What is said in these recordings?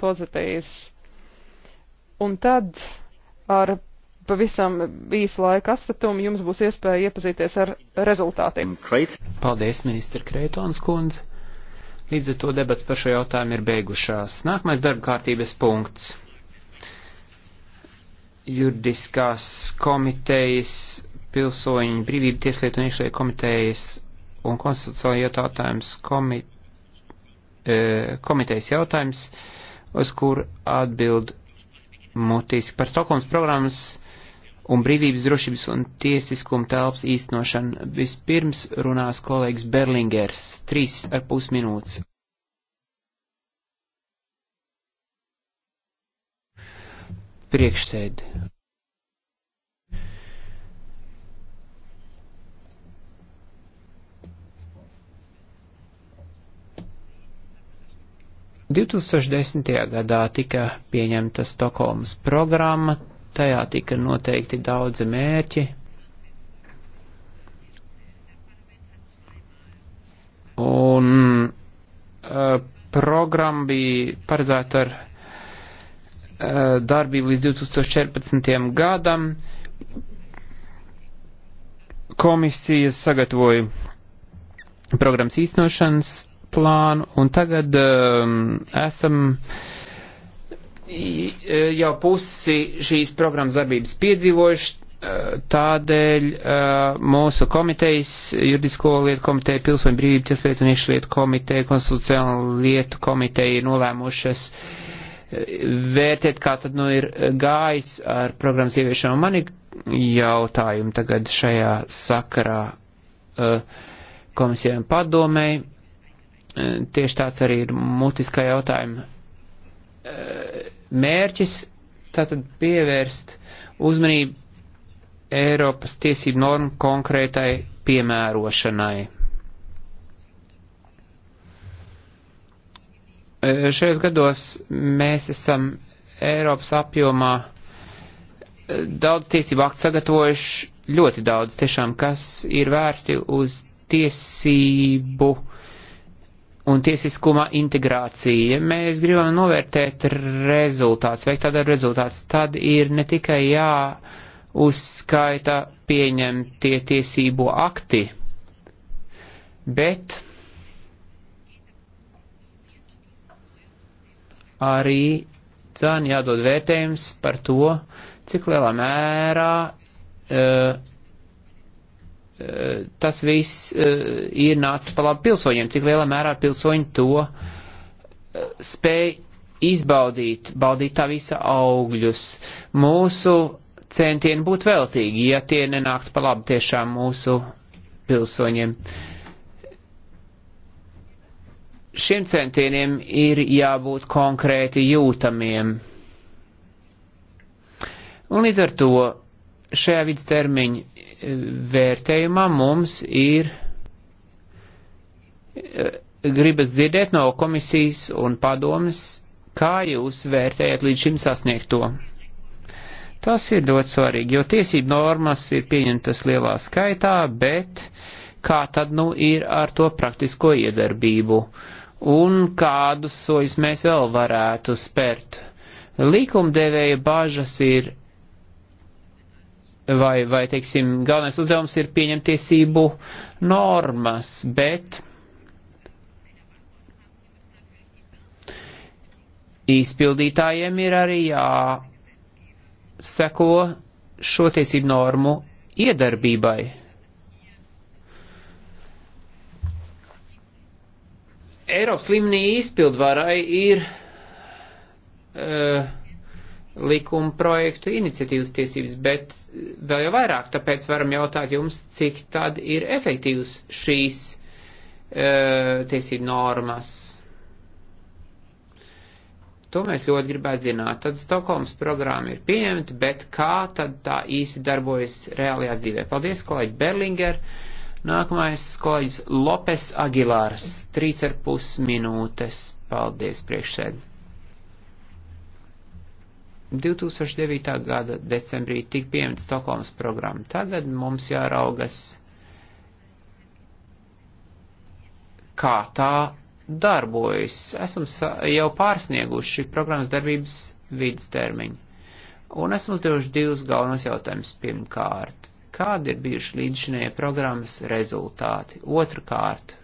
pozitīvs. Un tad ar pavisam īsu laika astatumu jums būs iespēja iepazīties ar rezultātiem. Paldies, ministra Kreitons kundze. Līdz ar to debats par šo jautājumu ir beigušās. Nākamais darba kārtības punkts. Juridiskās komitejas, pilsoņu brīvību tieslietu un iekšlietu komitejas un konstitucionālajā jautājums eh, komitejas jautājums. Komitejas jautājums uz kur atbild mutiski par Stokholmas programmas un brīvības drošības un tiesiskuma telpas īstenošanu. Vispirms runās kolēģis Berlingers, trīs ar pus minūtes. Priekšsēdi. 2010. gadā tika pieņemta Stokholmas programma, tajā tika noteikti daudzi mērķi. Un uh, programma bija paredzēta ar uh, darbību līdz 2014. gadam. Komisija sagatavoja programmas īstenošanas plānu, un tagad um, esam e, jau pusi šīs programmas darbības piedzīvojuši, e, tādēļ uh, mūsu komitejas, juridisko lietu komiteja, pilsoņu brīvību tieslietu un iekšlietu komiteja, konstitucionālu lietu komiteja ir nolēmušas vērtēt, kā tad nu ir gājis ar programmas ieviešanu. Man ir jautājumi tagad šajā sakarā uh, komisijām padomēji tieši tāds arī ir mutiskā jautājuma mērķis, tātad pievērst uzmanību Eiropas tiesību normu konkrētai piemērošanai. Šajos gados mēs esam Eiropas apjomā daudz tiesību aktu sagatavojuši, ļoti daudz tiešām, kas ir vērsti uz tiesību uh, un tiesiskuma integrācija. Ja mēs gribam novērtēt rezultāts, veikt tādā rezultāts, tad ir ne tikai jāuzskaita pieņemtie tiesību akti, bet arī dzēni jādod vērtējums par to, cik lielā mērā uh, Eh, tas viss eh, ir nācis pa labu pilsoņiem, cik lielā mērā pilsoņi to eh, spēj izbaudīt, baudīt tā visa augļus. Mūsu centieni būtu veltīgi, ja tie nenāktu pa labu tiešām mūsu pilsoņiem. Šiem centieniem ir jābūt konkrēti jūtamiem. Un līdz ar to šajā vidstermiņa vērtējumā mums ir eh, gribas dzirdēt no komisijas un padomas, kā jūs vērtējat līdz šim sasniegto. Tas ir ļoti svarīgi, jo tiesību normas ir pieņemtas lielā skaitā, bet kā tad nu ir ar to praktisko iedarbību un kādus sojas mēs vēl varētu spērt. Likumdevēja bāžas ir vai, vai, teiksim, galvenais uzdevums ir pieņemt tiesību normas, bet izpildītājiem ir arī jāseko šo tiesību normu iedarbībai. Eiropas līmenī izpildvarai ir uh, likuma projektu iniciatīvas tiesības, bet eh, vēl jau vairāk, tāpēc varam jautāt jums, cik tad ir efektīvas šīs uh, tiesību normas. To mēs ļoti gribētu zināt. Tad Stokholmas programma ir pieņemta, bet kā tad tā īsti darbojas reālajā dzīvē? Paldies, kolēģi Berlinger. Nākamais kolēģis Lopes Agilārs, trīs ar pus minūtes. Paldies, priekšsēdētāji. 2009. gada decembrī tika pieņemta Stokholmas programma. Tagad mums jāraugas, kā tā darbojas. Esam jau pārsnieguši programmas darbības vidustermiņu. Un esmu uzdevuši divus galvenos jautājumus. Pirmkārt, kādi ir bijuši līdzšinie programmas rezultāti? Otrakārt,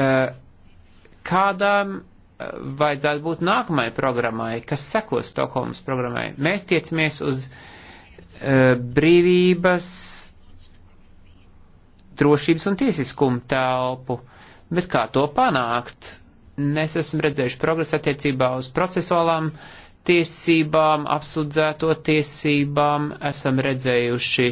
Eh, Kādām eh, vajadzētu būt nākamajai programmai, kas sekos Stokholmas programmai? Mēs tiecamies uz eh, brīvības, drošības un tiesiskumu telpu, bet kā to panākt? Mēs esam redzējuši progresu attiecībā uz procesuālām tiesībām, apsūdzēto tiesībām, esam redzējuši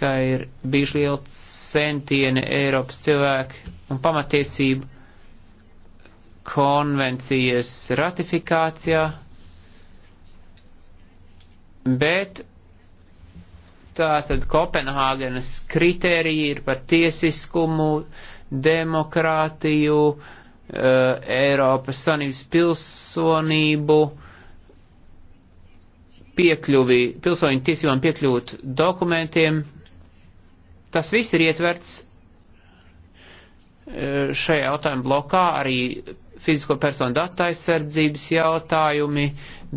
ka ir bijuši lieli centieni Eiropas cilvēku un pamatiesību konvencijas ratifikācijā, bet tātad Kopenhāgenes kritērija ir par tiesiskumu, demokrātiju, eh, Eiropas Sanības pilsonību, piekļuvi, pilsoņu tiesībām piekļūt dokumentiem, Tas viss ir ietverts e, šajā jautājuma blokā, arī fizisko personu datu aizsardzības jautājumi,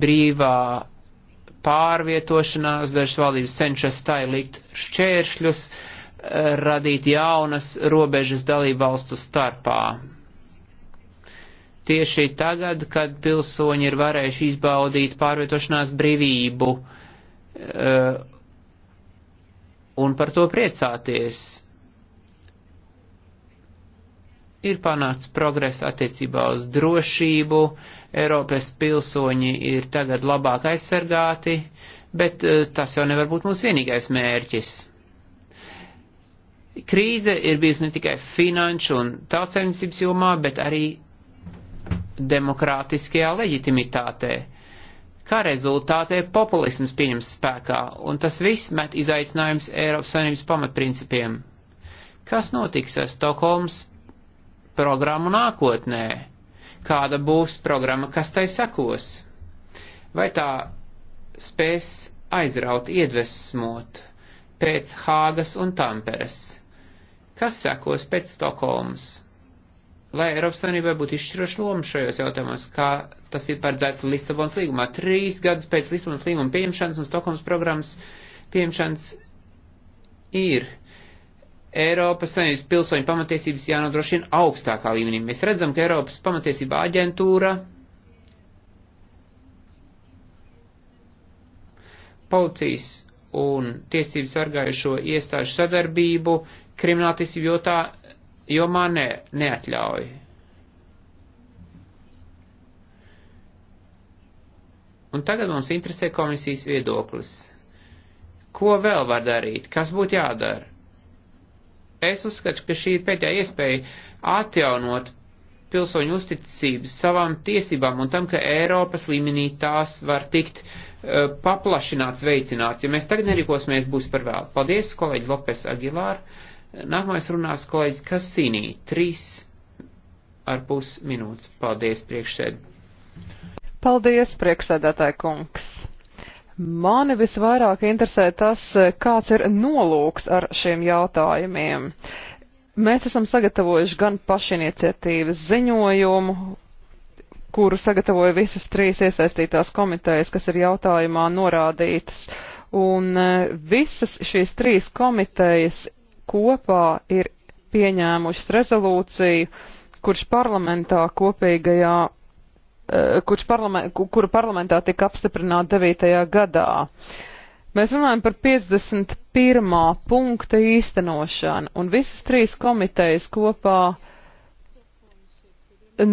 brīvā pārvietošanās, dažas valdības cenšas tā ir likt šķēršļus, e, radīt jaunas robežas dalību valstu starpā. Tieši tagad, kad pilsoņi ir varējuši izbaudīt pārvietošanās brīvību, e, un par to priecāties. Ir panākts progress attiecībā uz drošību, Eiropas pilsoņi ir tagad labāk aizsargāti, bet eh, tas jau nevar būt mūsu vienīgais mērķis. Krīze ir bijusi ne tikai finanšu un tautsēmniecības jomā, bet arī demokrātiskajā leģitimitātē kā rezultātē populisms pieņems spēkā, un tas viss met izaicinājums Eiropas Savienības pamatprincipiem. Kas notiks ar Stokholmas programmu nākotnē? Kāda būs programma, kas tai sekos? Vai tā spēs aizraut, iedvesmot pēc Hāgas un Tamperes? Kas sekos pēc Stokholmas? Lai Eiropas Savienībai būtu izšķiroša loma šajos jautājumos, kā Tas ir paredzēts Lisabonas līgumā. Trīs gadus pēc Lisabonas līguma pieņemšanas un Stokholmas programmas pieņemšanas ir Eiropas Savienības pilsoņu pamatiesības jānodrošina augstākā līmenī. Mēs redzam, ka Eiropas pamatiesība aģentūra policijas un tiesību sargājušo iestāžu sadarbību krimināltiesību jomā ne, neatļauj. Un tagad mums interesē komisijas viedoklis. Ko vēl var darīt? Kas būtu jādara? Es uzskatu, ka šī ir pēdējā iespēja atjaunot pilsoņu uzticību savām tiesībām un tam, ka Eiropas līmenī tās var tikt uh, paplašināts, veicināts. Ja mēs tagad nerīkosimies, būs par vēl. Paldies, kolēģi Lopes Agilār. Nākamais runās kolēģis Kasīnī. Trīs ar pus minūtes. Paldies, priekšsēd. Paldies, prieksēdētāji kungs! Mani visvairāk interesē tas, kāds ir nolūks ar šiem jautājumiem. Mēs esam sagatavojuši gan pašiniciatīvas ziņojumu, kuru sagatavoja visas trīs iesaistītās komitejas, kas ir jautājumā norādītas. Un e, visas šīs trīs komitejas kopā ir pieņēmušas rezolūciju, kurš parlamentā kopīgajā Eh, parlament, kuru parlamentā tika apstiprināta 9. gadā. Mēs runājam par 51. punkta īstenošanu, un visas trīs komitejas kopā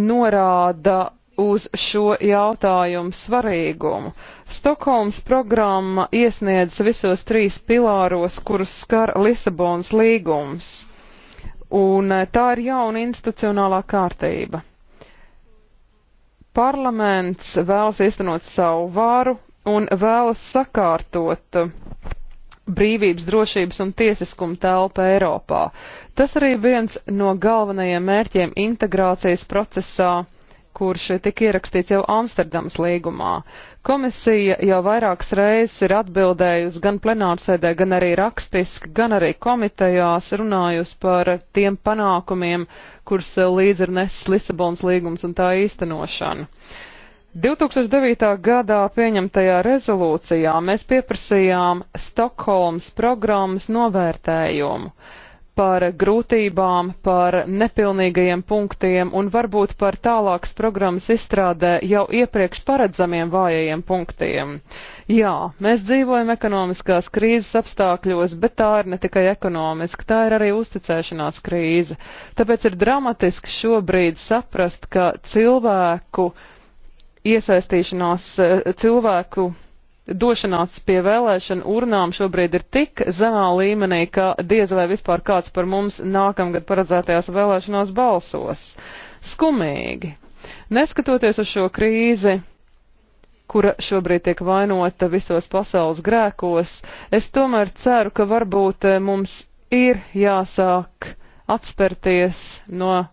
norāda uz šo jautājumu svarīgumu. Stokholmas programma iesniedz visos trīs pilāros, kurus skar Lisabonas līgums, un eh, tā ir jauna institucionālā kārtība parlaments vēlas iztenot savu varu un vēlas sakārtot brīvības, drošības un tiesiskuma telpa Eiropā. Tas arī viens no galvenajiem mērķiem integrācijas procesā, kurš tika ierakstīts jau Amsterdamas līgumā. Komisija jau vairākas reizes ir atbildējusi gan plenārsēdē, gan arī rakstiski, gan arī komitejās runājusi par tiem panākumiem, kurus eh, līdz ir nesis Lisabons līgums un tā īstenošana. 2009. gadā pieņemtajā rezolūcijā mēs pieprasījām Stokholmas programmas novērtējumu par grūtībām, par nepilnīgajiem punktiem un varbūt par tālākas programmas izstrādē jau iepriekš paredzamiem vājajiem punktiem. Jā, mēs dzīvojam ekonomiskās krīzes apstākļos, bet tā ir ne tikai ekonomiska, tā ir arī uzticēšanās krīze. Tāpēc ir dramatiski šobrīd saprast, ka cilvēku iesaistīšanās cilvēku došanās pie vēlēšana urnām šobrīd ir tik zemā līmenī, ka diez vai vispār kāds par mums nākamgad paredzētajās vēlēšanās balsos. Skumīgi. Neskatoties uz šo krīzi, kura šobrīd tiek vainota visos pasaules grēkos, es tomēr ceru, ka varbūt eh, mums ir jāsāk atspērties no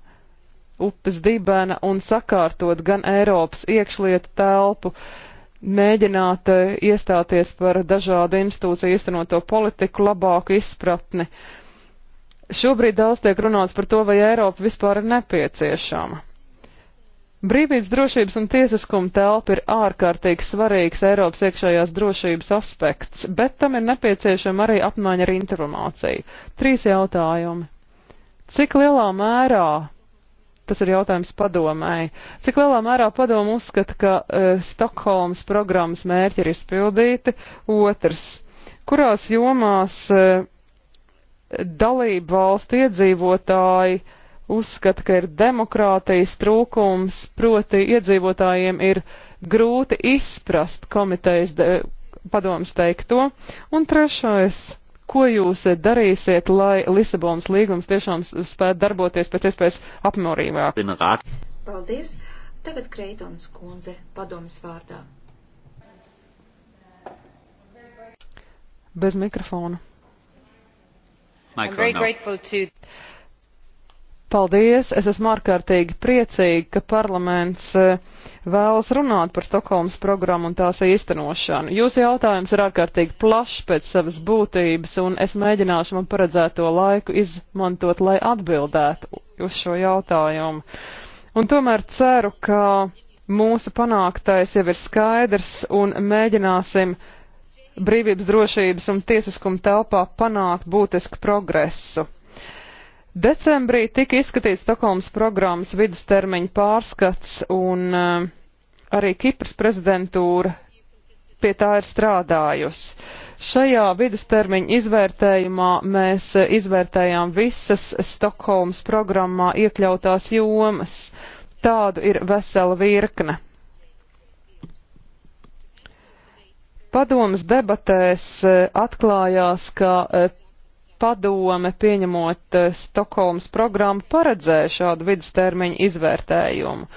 upes dibena un sakārtot gan Eiropas iekšlietu telpu, uh, mēģināt eh, iestāties par dažādu institūciju īstenoto politiku, labāku izpratni. Šobrīd daudz tiek runāts par to, vai Eiropa vispār ir nepieciešama. Brīvības, drošības un tiesiskuma telpa ir ārkārtīgi svarīgs Eiropas iekšējās drošības aspekts, bet tam ir nepieciešama arī apmaiņa ar informāciju. Trīs jautājumi. Cik lielā mērā tas ir jautājums padomai. Cik lielā mērā padoma uzskata, ka uh, Stokholmas programmas mērķi ir izpildīti? Otrs, kurās jomās uh, dalību valstu iedzīvotāji uzskata, ka ir demokrātijas trūkums, proti iedzīvotājiem ir grūti izprast komitejas de, padomas teikto? Un trešais Ko jūs darīsiet, lai Lisabonas līgums tiešām spētu darboties pēc iespējas apmērīgāk? Paldies! Tagad Kreitons kundze padomas vārdā. Bez mikrofona. Mikrofona. Paldies! Es esmu ārkārtīgi priecīga, ka parlaments eh, vēlas runāt par Stokholmas programmu un tās īstenošanu. Jūsu jautājums ir ārkārtīgi plašs pēc savas būtības, un es mēģināšu man paredzēto laiku izmantot, lai atbildētu uz šo jautājumu. Un tomēr ceru, ka mūsu panāktais jau ir skaidrs un mēģināsim brīvības, drošības un tiesiskuma telpā panākt būtisku progresu Decembrī tika izskatīts Stokholmas programmas vidustermiņa pārskats un eh, arī Kipras prezidentūra pie tā ir strādājusi. Šajā vidustermiņa izvērtējumā mēs eh, izvērtējām visas Stokholmas programmā iekļautās jomas. Tādu ir vesela virkne. Padomas debatēs eh, atklājās, ka padome pieņemot eh, Stokholmas programmu paredzēja šādu vidustermiņu izvērtējumu.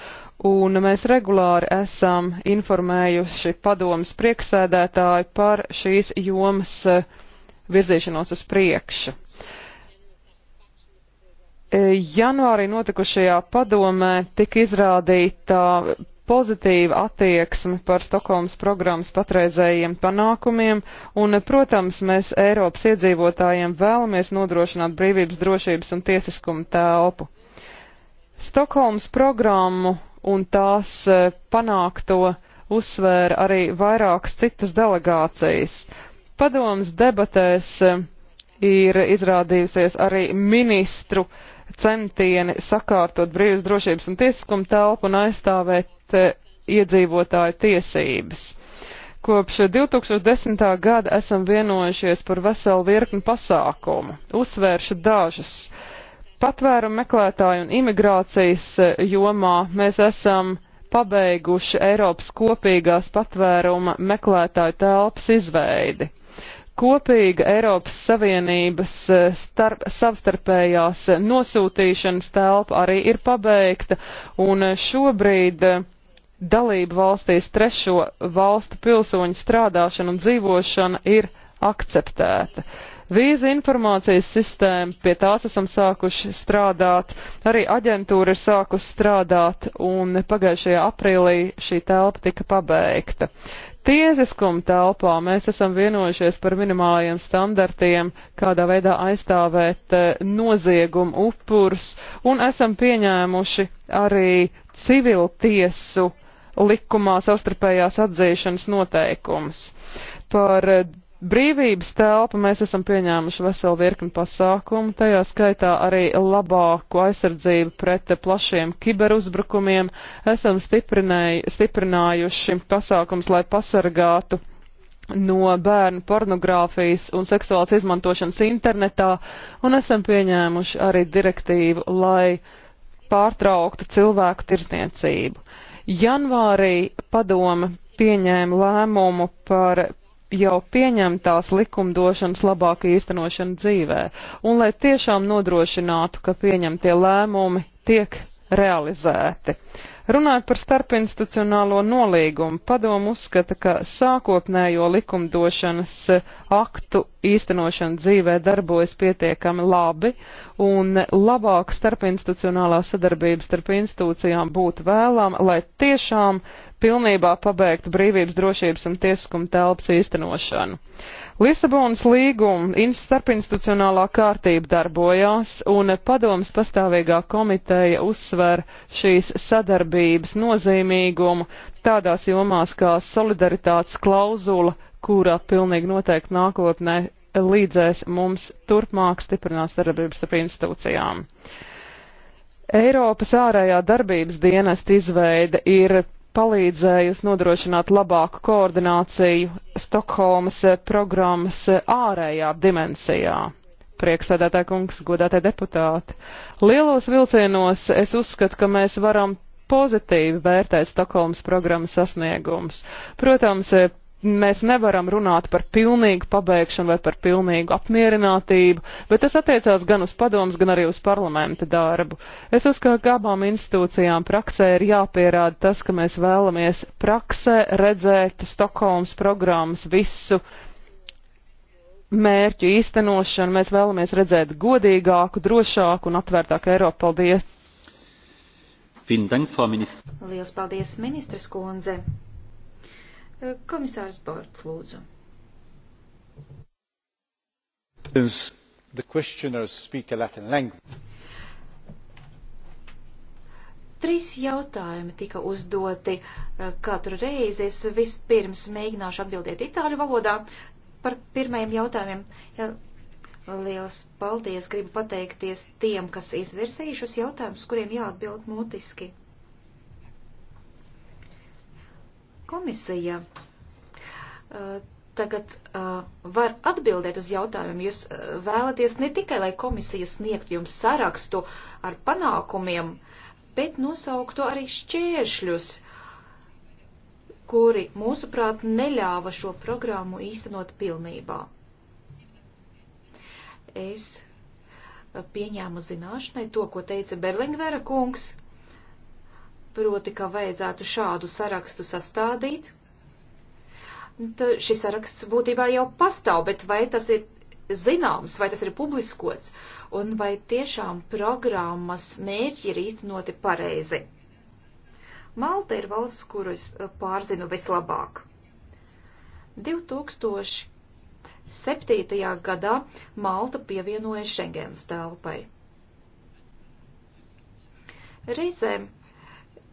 Un mēs regulāri esam informējuši padomas prieksēdētāju par šīs jomas eh, virzīšanos uz priekšu. Eh, Janvārī notikušajā padomē tika izrādīta pozitīva attieksme par Stokholmas programmas patreizējiem panākumiem, un, protams, mēs Eiropas iedzīvotājiem vēlamies nodrošināt brīvības, drošības un tiesiskumu telpu. Stokholmas programmu un tās e, panākto uzsvēra arī vairākas citas delegācijas. Padomas debatēs e, ir izrādījusies arī ministru centieni sakārtot brīvas drošības un tiesiskumu telpu un aizstāvēt ievērt eh, iedzīvotāju tiesības. Kopš 2010. gada esam vienojušies par veselu virkni pasākumu. Uzsvēršu dažus. Patvērumu meklētāju un imigrācijas eh, jomā mēs esam pabeiguši Eiropas kopīgās patvēruma meklētāju telpas izveidi. Kopīga Eiropas Savienības eh, starp, savstarpējās nosūtīšanas telpa arī ir pabeigta, un šobrīd dalību valstīs trešo valstu pilsoņu strādāšana un dzīvošana ir akceptēta. Vīza informācijas sistēma, pie tās esam sākuši strādāt, arī aģentūra ir sākusi strādāt, un pagājušajā aprīlī šī telpa tika pabeigta. Tiesiskuma telpā mēs esam vienojušies par minimālajiem standartiem, kādā veidā aizstāvēt eh, noziegumu upurus, un esam pieņēmuši arī civiltiesu tiesu likumā savstarpējās atzīšanas noteikumus. Par eh, brīvības telpu mēs esam pieņēmuši veselu virkni pasākumu, tajā skaitā arī labāku aizsardzību pret plašiem kiberuzbrukumiem. Esam stiprinājuši pasākums, lai pasargātu no bērnu pornogrāfijas un seksuālas izmantošanas internetā, un esam pieņēmuši arī direktīvu, lai pārtrauktu cilvēku tirzniecību. Janvārī padome pieņēma lēmumu par jau pieņemtās likumdošanas labāku īstenošanu dzīvē, un lai tiešām nodrošinātu, ka pieņemtie lēmumi tiek realizēti. Runājot par starpinstitucionālo nolīgumu, padomu uzskata, ka sākotnējo likumdošanas aktu īstenošana dzīvē darbojas pietiekami labi, un labāka starpinstitucionālā sadarbība starp institūcijām būtu vēlama, lai tiešām pilnībā pabeigtu brīvības, drošības un tiesiskuma telpas īstenošanu. Lisabonas līguma starpinstitucionālā kārtība darbojās, un padomas pastāvīgā komiteja uzsver šīs sadarbības nozīmīgumu tādās jomās kā solidaritātes klauzula, kurā pilnīgi noteikti nākotnē līdzēs mums turpmāk stiprināt sadarbības starp institūcijām. Eiropas ārējā darbības dienesta izveide ir palīdzējusi nodrošināt labāku koordināciju Stokholmas eh, programmas eh, ārējā dimensijā. Prieksēdētāji kungs, godātie deputāti. Lielos vilcienos es uzskatu, ka mēs varam pozitīvi vērtēt Stokholmas programmas sasniegums. Protams, eh, mēs nevaram runāt par pilnīgu pabeigšanu vai par pilnīgu apmierinātību, bet tas attiecās gan uz padomus, gan arī uz parlamenta darbu. Es uzskatu, ka abām institūcijām praksē ir jāpierāda tas, ka mēs vēlamies praksē redzēt Stokholmas programmas visu mērķu īstenošanu, mēs vēlamies redzēt godīgāku, drošāku un atvērtāku Eiropu. Paldies! Liels paldies, ministres kundze! Komisārs Bort, lūdzu. The questioners speak a Latin language. Trīs jautājumi tika uzdoti eh, katru reizi. Es vispirms mēģināšu atbildēt itāļu valodā par pirmajiem jautājumiem. Ja, liels paldies, gribu pateikties tiem, kas izvirsīja šos jautājumus, kuriem jāatbild mutiski. Komisija uh, tagad uh, var atbildēt uz jautājumiem. Jūs uh, vēlaties ne tikai, lai komisija sniegtu jums sarakstu ar panākumiem, bet nosauktu arī šķēršļus, kuri, mūsuprāt, neļāva šo programmu īstenot pilnībā. Es pieņēmu zināšanai to, ko teica Berlingvera kungs proti, ka vajadzētu šādu sarakstu sastādīt. Tā šis saraksts būtībā jau pastāv, bet vai tas ir zināms, vai tas ir publiskots, un vai tiešām programmas mērķi ir īstenoti pareizi. Malta ir valsts, kuru es eh, pārzinu vislabāk. 2007. gadā Malta pievienoja Schengens telpai. Reizēm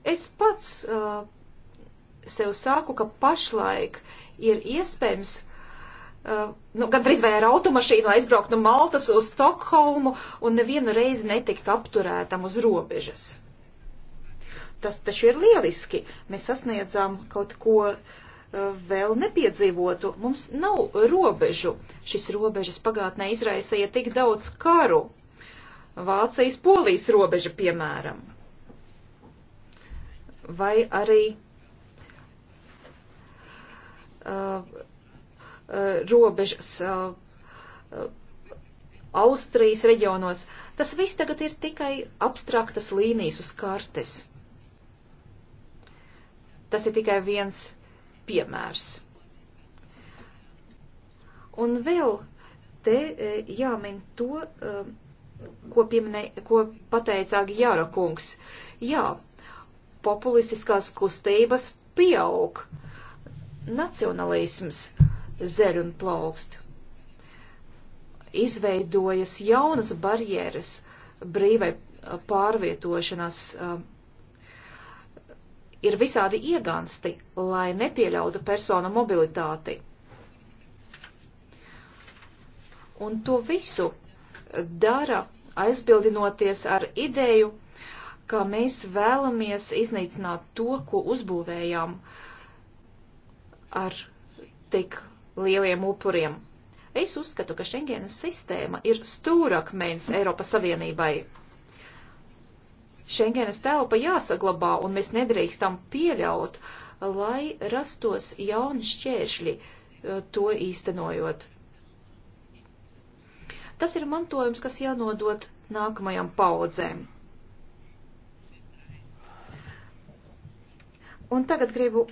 Es pats uh, sev saku, ka pašlaik ir iespējams, uh, nu, gandrīz vai ar automašīnu aizbraukt no Maltas uz Stokholmu un nevienu reizi netikt apturētam uz robežas. Tas taču ir lieliski. Mēs sasniedzām kaut ko uh, vēl nepiedzīvotu. Mums nav robežu. Šis robežas pagātnē izraisīja tik daudz karu. Vācijas polijas robeža, piemēram vai arī uh, uh, robežas uh, uh, Austrijas reģionos. Tas viss tagad ir tikai abstraktas līnijas uz kartes. Tas ir tikai viens piemērs. Un vēl te eh, jāmin to, eh, ko, pieminē, ko pateica Jāra kungs. Jā, populistiskās kustības pieaug. Nacionalisms zeļ un plaukst. Izveidojas jaunas barjeras brīvai pārvietošanās. Ir visādi iegansti, lai nepieļautu personu mobilitāti. Un to visu dara aizbildinoties ar ideju ka mēs vēlamies iznīcināt to, ko uzbūvējām ar tik lieliem upuriem. Es uzskatu, ka Schengenas sistēma ir stūrakmens Eiropas Savienībai. Schengenas telpa jāsaglabā, un mēs nedrīkstam pieļaut, lai rastos jauni šķēršļi eh, to īstenojot. Tas ir mantojums, kas jānodot nākamajām paudzēm. Un tagad gribu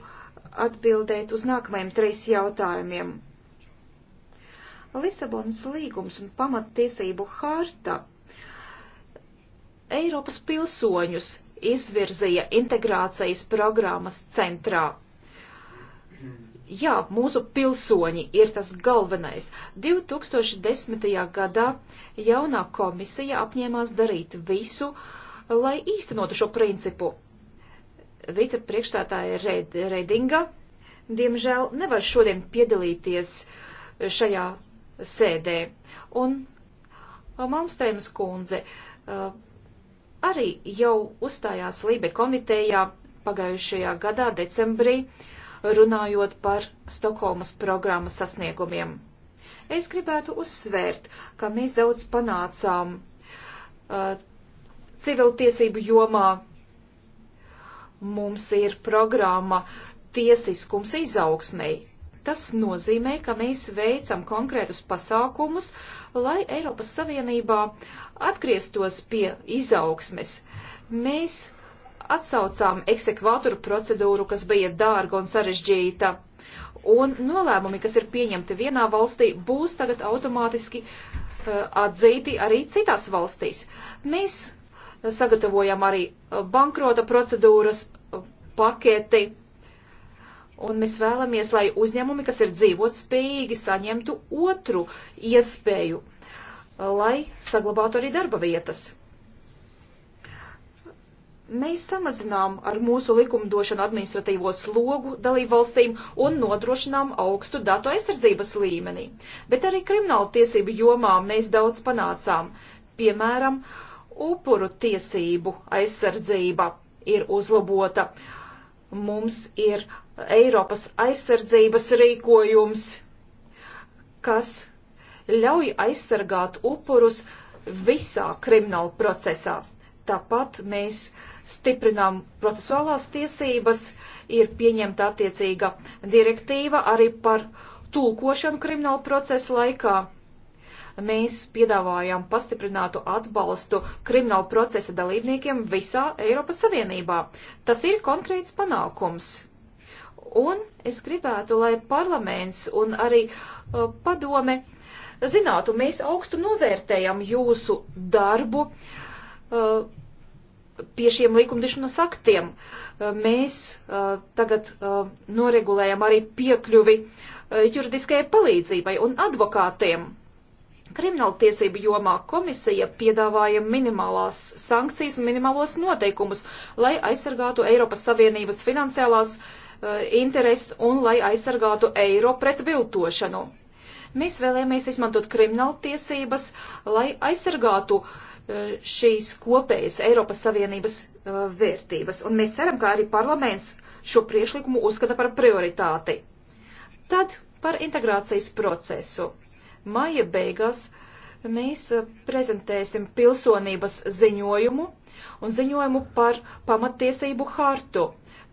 atbildēt uz nākamajiem trīs jautājumiem. Lisabonas līgums un pamattiesību harta Eiropas pilsoņus izvirzīja integrācijas programmas centrā. Jā, mūsu pilsoņi ir tas galvenais. 2010. gadā jaunā komisija apņēmās darīt visu, lai īstenotu šo principu vicepriekšstātāja Reid, Reidinga, diemžēl nevar šodien piedalīties šajā sēdē. Un uh, Malmstrēmas kundze uh, arī jau uzstājās Lībe komitejā pagājušajā gadā decembrī, runājot par Stokholmas programmas sasniegumiem. Es gribētu uzsvērt, ka mēs daudz panācām uh, civiltiesību jomā, Mums ir programma tiesiskums izaugsmei. Tas nozīmē, ka mēs veicam konkrētus pasākumus, lai Eiropas Savienībā atgrieztos pie izaugsmes. Mēs atsaucām eksekvātoru procedūru, kas bija dārga un sarežģīta. Un nolēmumi, kas ir pieņemti vienā valstī, būs tagad automātiski uh, atzīti arī citās valstīs. Mēs eh, sagatavojam arī eh, bankrota procedūras, paketi. Un mēs vēlamies, lai uzņēmumi, kas ir dzīvot spējīgi, saņemtu otru iespēju, lai saglabātu arī darba vietas. Mēs samazinām ar mūsu likumdošanu administratīvo slogu dalību valstīm un nodrošinām augstu datu aizsardzības līmenī. Bet arī krimināla tiesību jomā mēs daudz panācām. Piemēram, upuru tiesību aizsardzība ir uzlabota. Uh, Mums ir Eiropas aizsardzības rīkojums, kas ļauj aizsargāt upurus visā krimināla procesā. Tāpat mēs stiprinām procesuālās tiesības, ir pieņemta attiecīga direktīva arī par tulkošanu krimināla procesa laikā mēs piedāvājam pastiprinātu atbalstu kriminālu procesa dalībniekiem visā Eiropas Savienībā. Tas ir konkrēts panākums. Un es gribētu, lai parlaments un arī uh, padome zinātu, mēs augstu novērtējam jūsu darbu. Uh, pie šiem likumdošanas aktiem. Uh, mēs uh, tagad uh, noregulējam arī piekļuvi uh, juridiskajai palīdzībai un advokātiem. Krimināltiesību jomā komisija piedāvāja minimālās sankcijas un minimālos noteikumus, lai aizsargātu Eiropas Savienības finansiālās uh, intereses un lai aizsargātu eiro pret viltošanu. Mēs vēlējāmies izmantot krimināltiesības, lai aizsargātu uh, šīs kopējas Eiropas Savienības uh, vērtības. Un mēs ceram, ka arī parlaments šo priešlikumu uzskata par prioritāti. Tad par integrācijas procesu Maija beigās mēs eh, prezentēsim pilsonības ziņojumu un ziņojumu par pamatiesību hartu,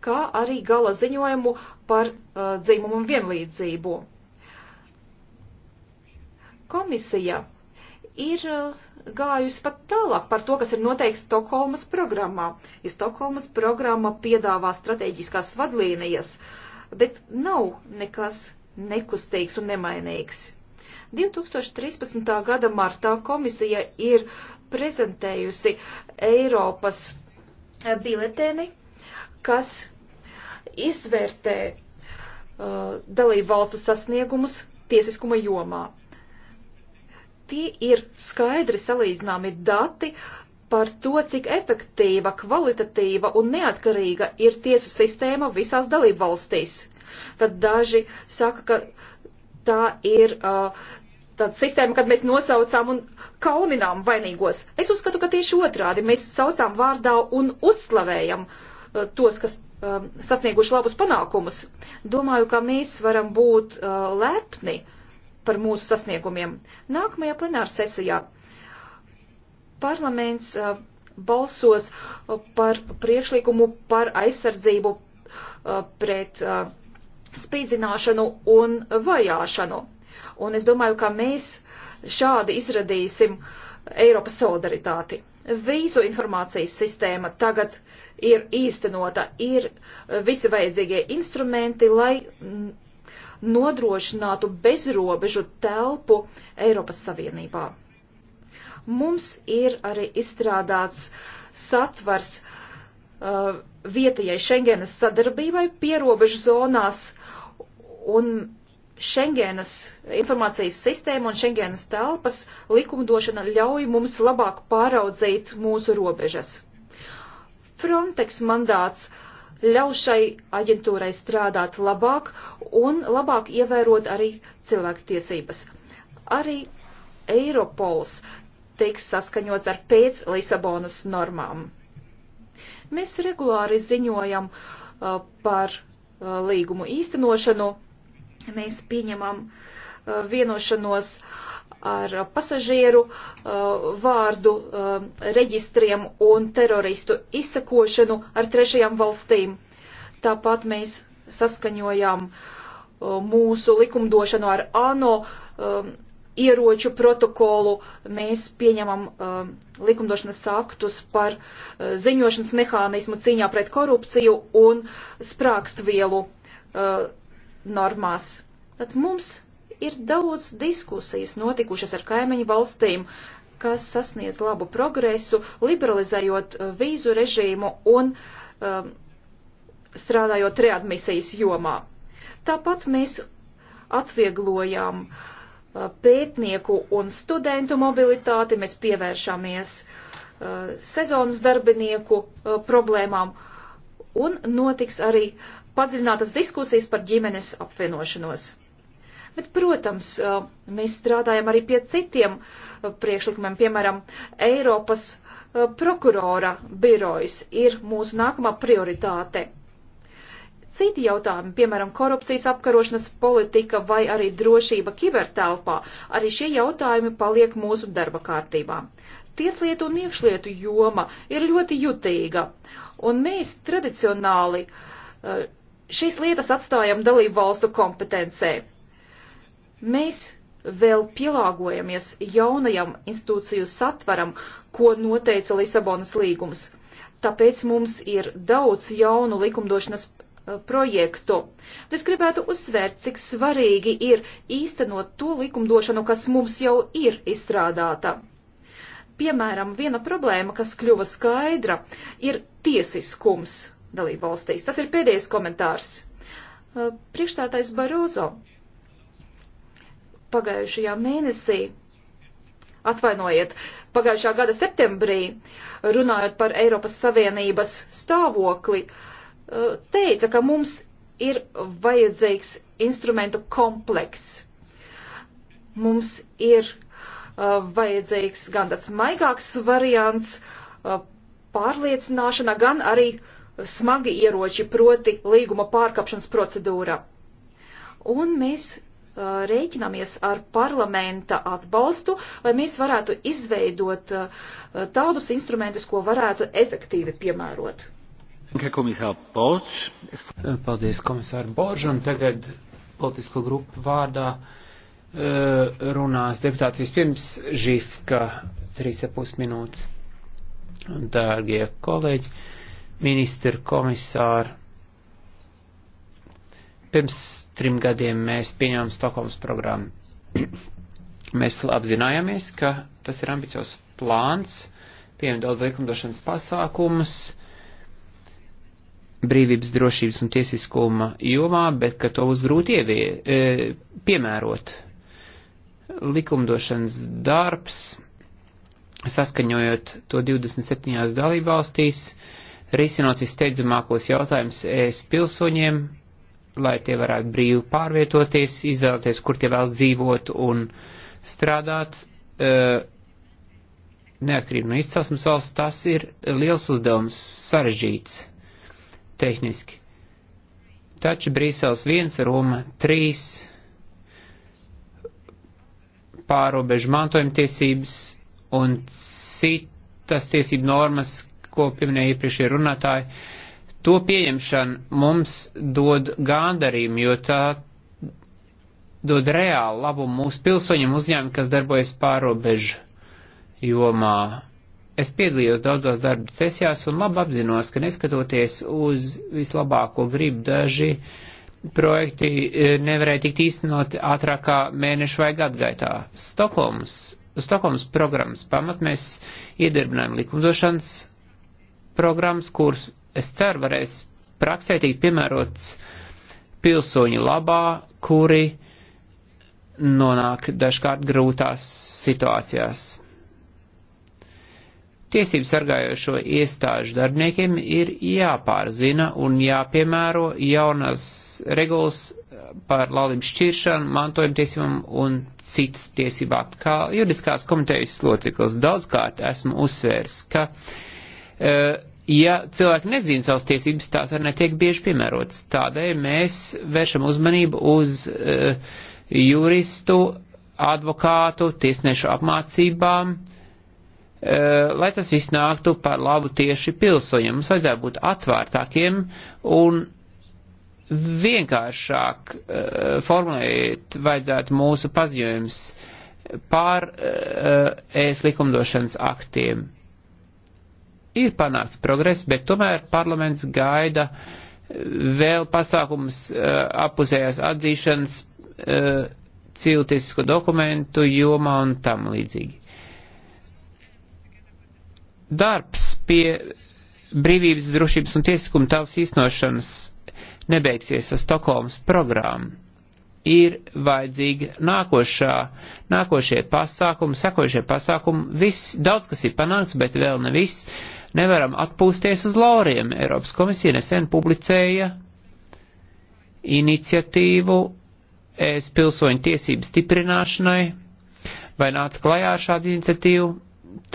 kā arī gala ziņojumu par uh, dzimumu vienlīdzību. Komisija ir eh, gājusi pat tālāk par to, kas ir noteikts Stokholmas programmā. Ja Stokholmas programma piedāvā strateģiskās vadlīnijas, bet nav nekas nekustīgs un nemainīgs. 2013. gada martā komisija ir prezentējusi Eiropas eh, biletēni, kas izvērtē uh, dalību valstu sasniegumus tiesiskuma jomā. Tie ir skaidri salīdzināmi dati par to, cik efektīva, kvalitatīva un neatkarīga ir tiesu sistēma visās dalību valstīs. Tad daži saka, ka tā ir uh, tāda sistēma, kad mēs nosaucām un kauninām vainīgos. Es uzskatu, ka tieši otrādi mēs saucām vārdā un uzslavējam uh, tos, kas uh, sasnieguši labus panākumus. Domāju, ka mēs varam būt uh, lepni par mūsu sasniegumiem. Nākamajā plenāra sesijā parlaments uh, balsos uh, par priekšlikumu par aizsardzību uh, pret spīdzināšanu un vajāšanu. Un es domāju, ka mēs šādi izradīsim Eiropas solidaritāti. Vīzu informācijas sistēma tagad ir īstenota, ir visi vajadzīgie instrumenti, lai nodrošinātu bezrobežu telpu Eiropas Savienībā. Mums ir arī izstrādāts satvars uh, vietējai Schengenas sadarbībai pierobežu zonās, un Šengēnas informācijas sistēma un Šengēnas telpas likumdošana ļauj mums labāk pāraudzīt mūsu robežas. Frontex mandāts ļauj šai aģentūrai strādāt labāk un labāk ievērot arī cilvēktiesības. Arī Eiropols tiks saskaņots ar pēc Lisabonas normām. Mēs regulāri ziņojam uh, par uh, līgumu īstenošanu Mēs pieņemam uh, vienošanos ar pasažieru uh, vārdu uh, reģistriem un teroristu izsakošanu ar trešajām valstīm. Tāpat mēs saskaņojām mūsu likumdošanu ar ANO um, ieroču protokolu, mēs pieņemam um, likumdošanas aktus par uh, ziņošanas mehānismu cīņā pret korupciju un sprākstvielu uh, normās. Tad mums ir daudz diskusijas notikušas ar kaimiņu valstīm, kas sasniedz labu progresu, liberalizējot uh, vīzu režīmu un um, strādājot readmisijas jomā. Tāpat mēs atvieglojām uh, pētnieku un studentu mobilitāti, mēs pievēršamies uh, sezonas darbinieku uh, problēmām un notiks arī uh, padziļinātas diskusijas par ģimenes apvienošanos. Bet, protams, eh, mēs strādājam arī pie citiem eh, priekšlikumiem, piemēram, Eiropas eh, prokurora birojas ir mūsu nākamā prioritāte. Citi jautājumi, piemēram, korupcijas apkarošanas politika vai arī drošība kibertelpā, arī šie jautājumi paliek mūsu darba kārtībā. Tieslietu un iekšlietu joma ir ļoti jutīga, un mēs tradicionāli uh, šīs lietas atstājam dalību valstu kompetencē. Mēs vēl pielāgojamies jaunajam institūciju satvaram, ko noteica Lisabonas līgums. Tāpēc mums ir daudz jaunu likumdošanas uh, projektu. Es gribētu uzsvērt, cik svarīgi ir īstenot to likumdošanu, kas mums jau ir izstrādāta. Piemēram, viena problēma, kas kļuva skaidra, ir tiesiskums dalību valstīs. Tas ir pēdējais komentārs. Uh, Priekšstātais Barozo pagājušajā mēnesī, atvainojiet, pagājušā gada septembrī, runājot par Eiropas Savienības stāvokli, uh, teica, ka mums ir vajadzīgs instrumentu komplekss. Mums ir uh, vajadzīgs gan tāds maigāks variants pārliecināšana, gan arī uh, smagi ieroči, proti līguma pārkāpšanas procedūra. Un mēs uh, rēķinamies ar parlamenta atbalstu, lai mēs varētu izveidot uh, tādus instrumentus, ko varētu efektīvi piemērot. Paldies, komisār Borž, un tagad politisko grupu vārdā uh, runās deputāti vispirms Žifka, 3,5 minūtes. Dārgie kolēģi, ministru komisāru. Pirms trim gadiem mēs pieņēmām Stokholmas programmu. mēs apzinājāmies, ka tas ir ambiciozs plāns, pieņem daudz likumdošanas pasākumus, brīvības, drošības un tiesiskuma jomā, bet ka to būs grūti ievie, e, piemērot. Likumdošanas darbs, saskaņojot to 27. dalībvalstīs, valstīs, risinot visteidzamākos jautājumus ES pilsoņiem, lai tie varētu brīvi pārvietoties, izvēlēties, kur tie vēlas dzīvot un strādāt, e, neatkarīgi no izcelsmes valsts, tas ir liels uzdevums, sarežģīts tehniski. Taču Brīseles 1, Roma 3, pārobežu mantojuma tiesības un citas tiesību normas, ko pieminēja iepriekšie runātāji, to pieņemšana mums dod gandarījumu, jo tā dod reāli labumu mūsu pilsoņiem uzņēmumi, kas darbojas pārobežu jomā. Es piedalījos daudzās darba sesijās un labi apzinos, ka neskatoties uz vislabāko gribu daži projekti e, nevarēja tikt īstenot ātrākā mēneša vai gadgaitā. Stokholms Stokholmas programmas pamat mēs iedarbinājām likumdošanas programmas, kuras, es ceru, varēs praksē tikt piemērots pilsoņu labā, kuri nonāk dažkārt grūtās situācijās. Tiesību sargājošo iestāžu darbiniekiem ir jāpārzina un jāpiemēro jaunas regulas par laulību šķiršanu, mantojuma tiesībām un citas tiesībām. Kā juridiskās komitejas loceklis daudzkārt esmu uzsvērs, ka uh, Eh, ja cilvēki nezina savas tiesības, tās arī netiek bieži piemērotas. Tādēļ mēs vēršam uzmanību uz uh, juristu, advokātu, tiesnešu apmācībām, uh, lai tas viss nāktu par labu tieši pilsoņiem. Mums vajadzētu būt atvērtākiem un vienkāršāk uh, formulēt vajadzētu mūsu paziņojums pār uh, ēs likumdošanas aktiem ir panāks progress, bet tomēr parlaments gaida eh, vēl pasākums eh, apusējās atzīšanas eh, ciltisku dokumentu jomā un tam līdzīgi. Darbs pie brīvības, drošības un tiesiskuma tavas īstenošanas nebeigsies ar Stokholmas programmu. Ir vajadzīgi nākošā, nākošie pasākumi, sekošie pasākumi, viss, daudz kas ir panākts, bet vēl ne viss. Uh, Nevaram atpūsties uz lauriem. Eiropas komisija nesen publicēja iniciatīvu ES pilsoņu tiesību stiprināšanai, vai nāca klajā ar šādu iniciatīvu,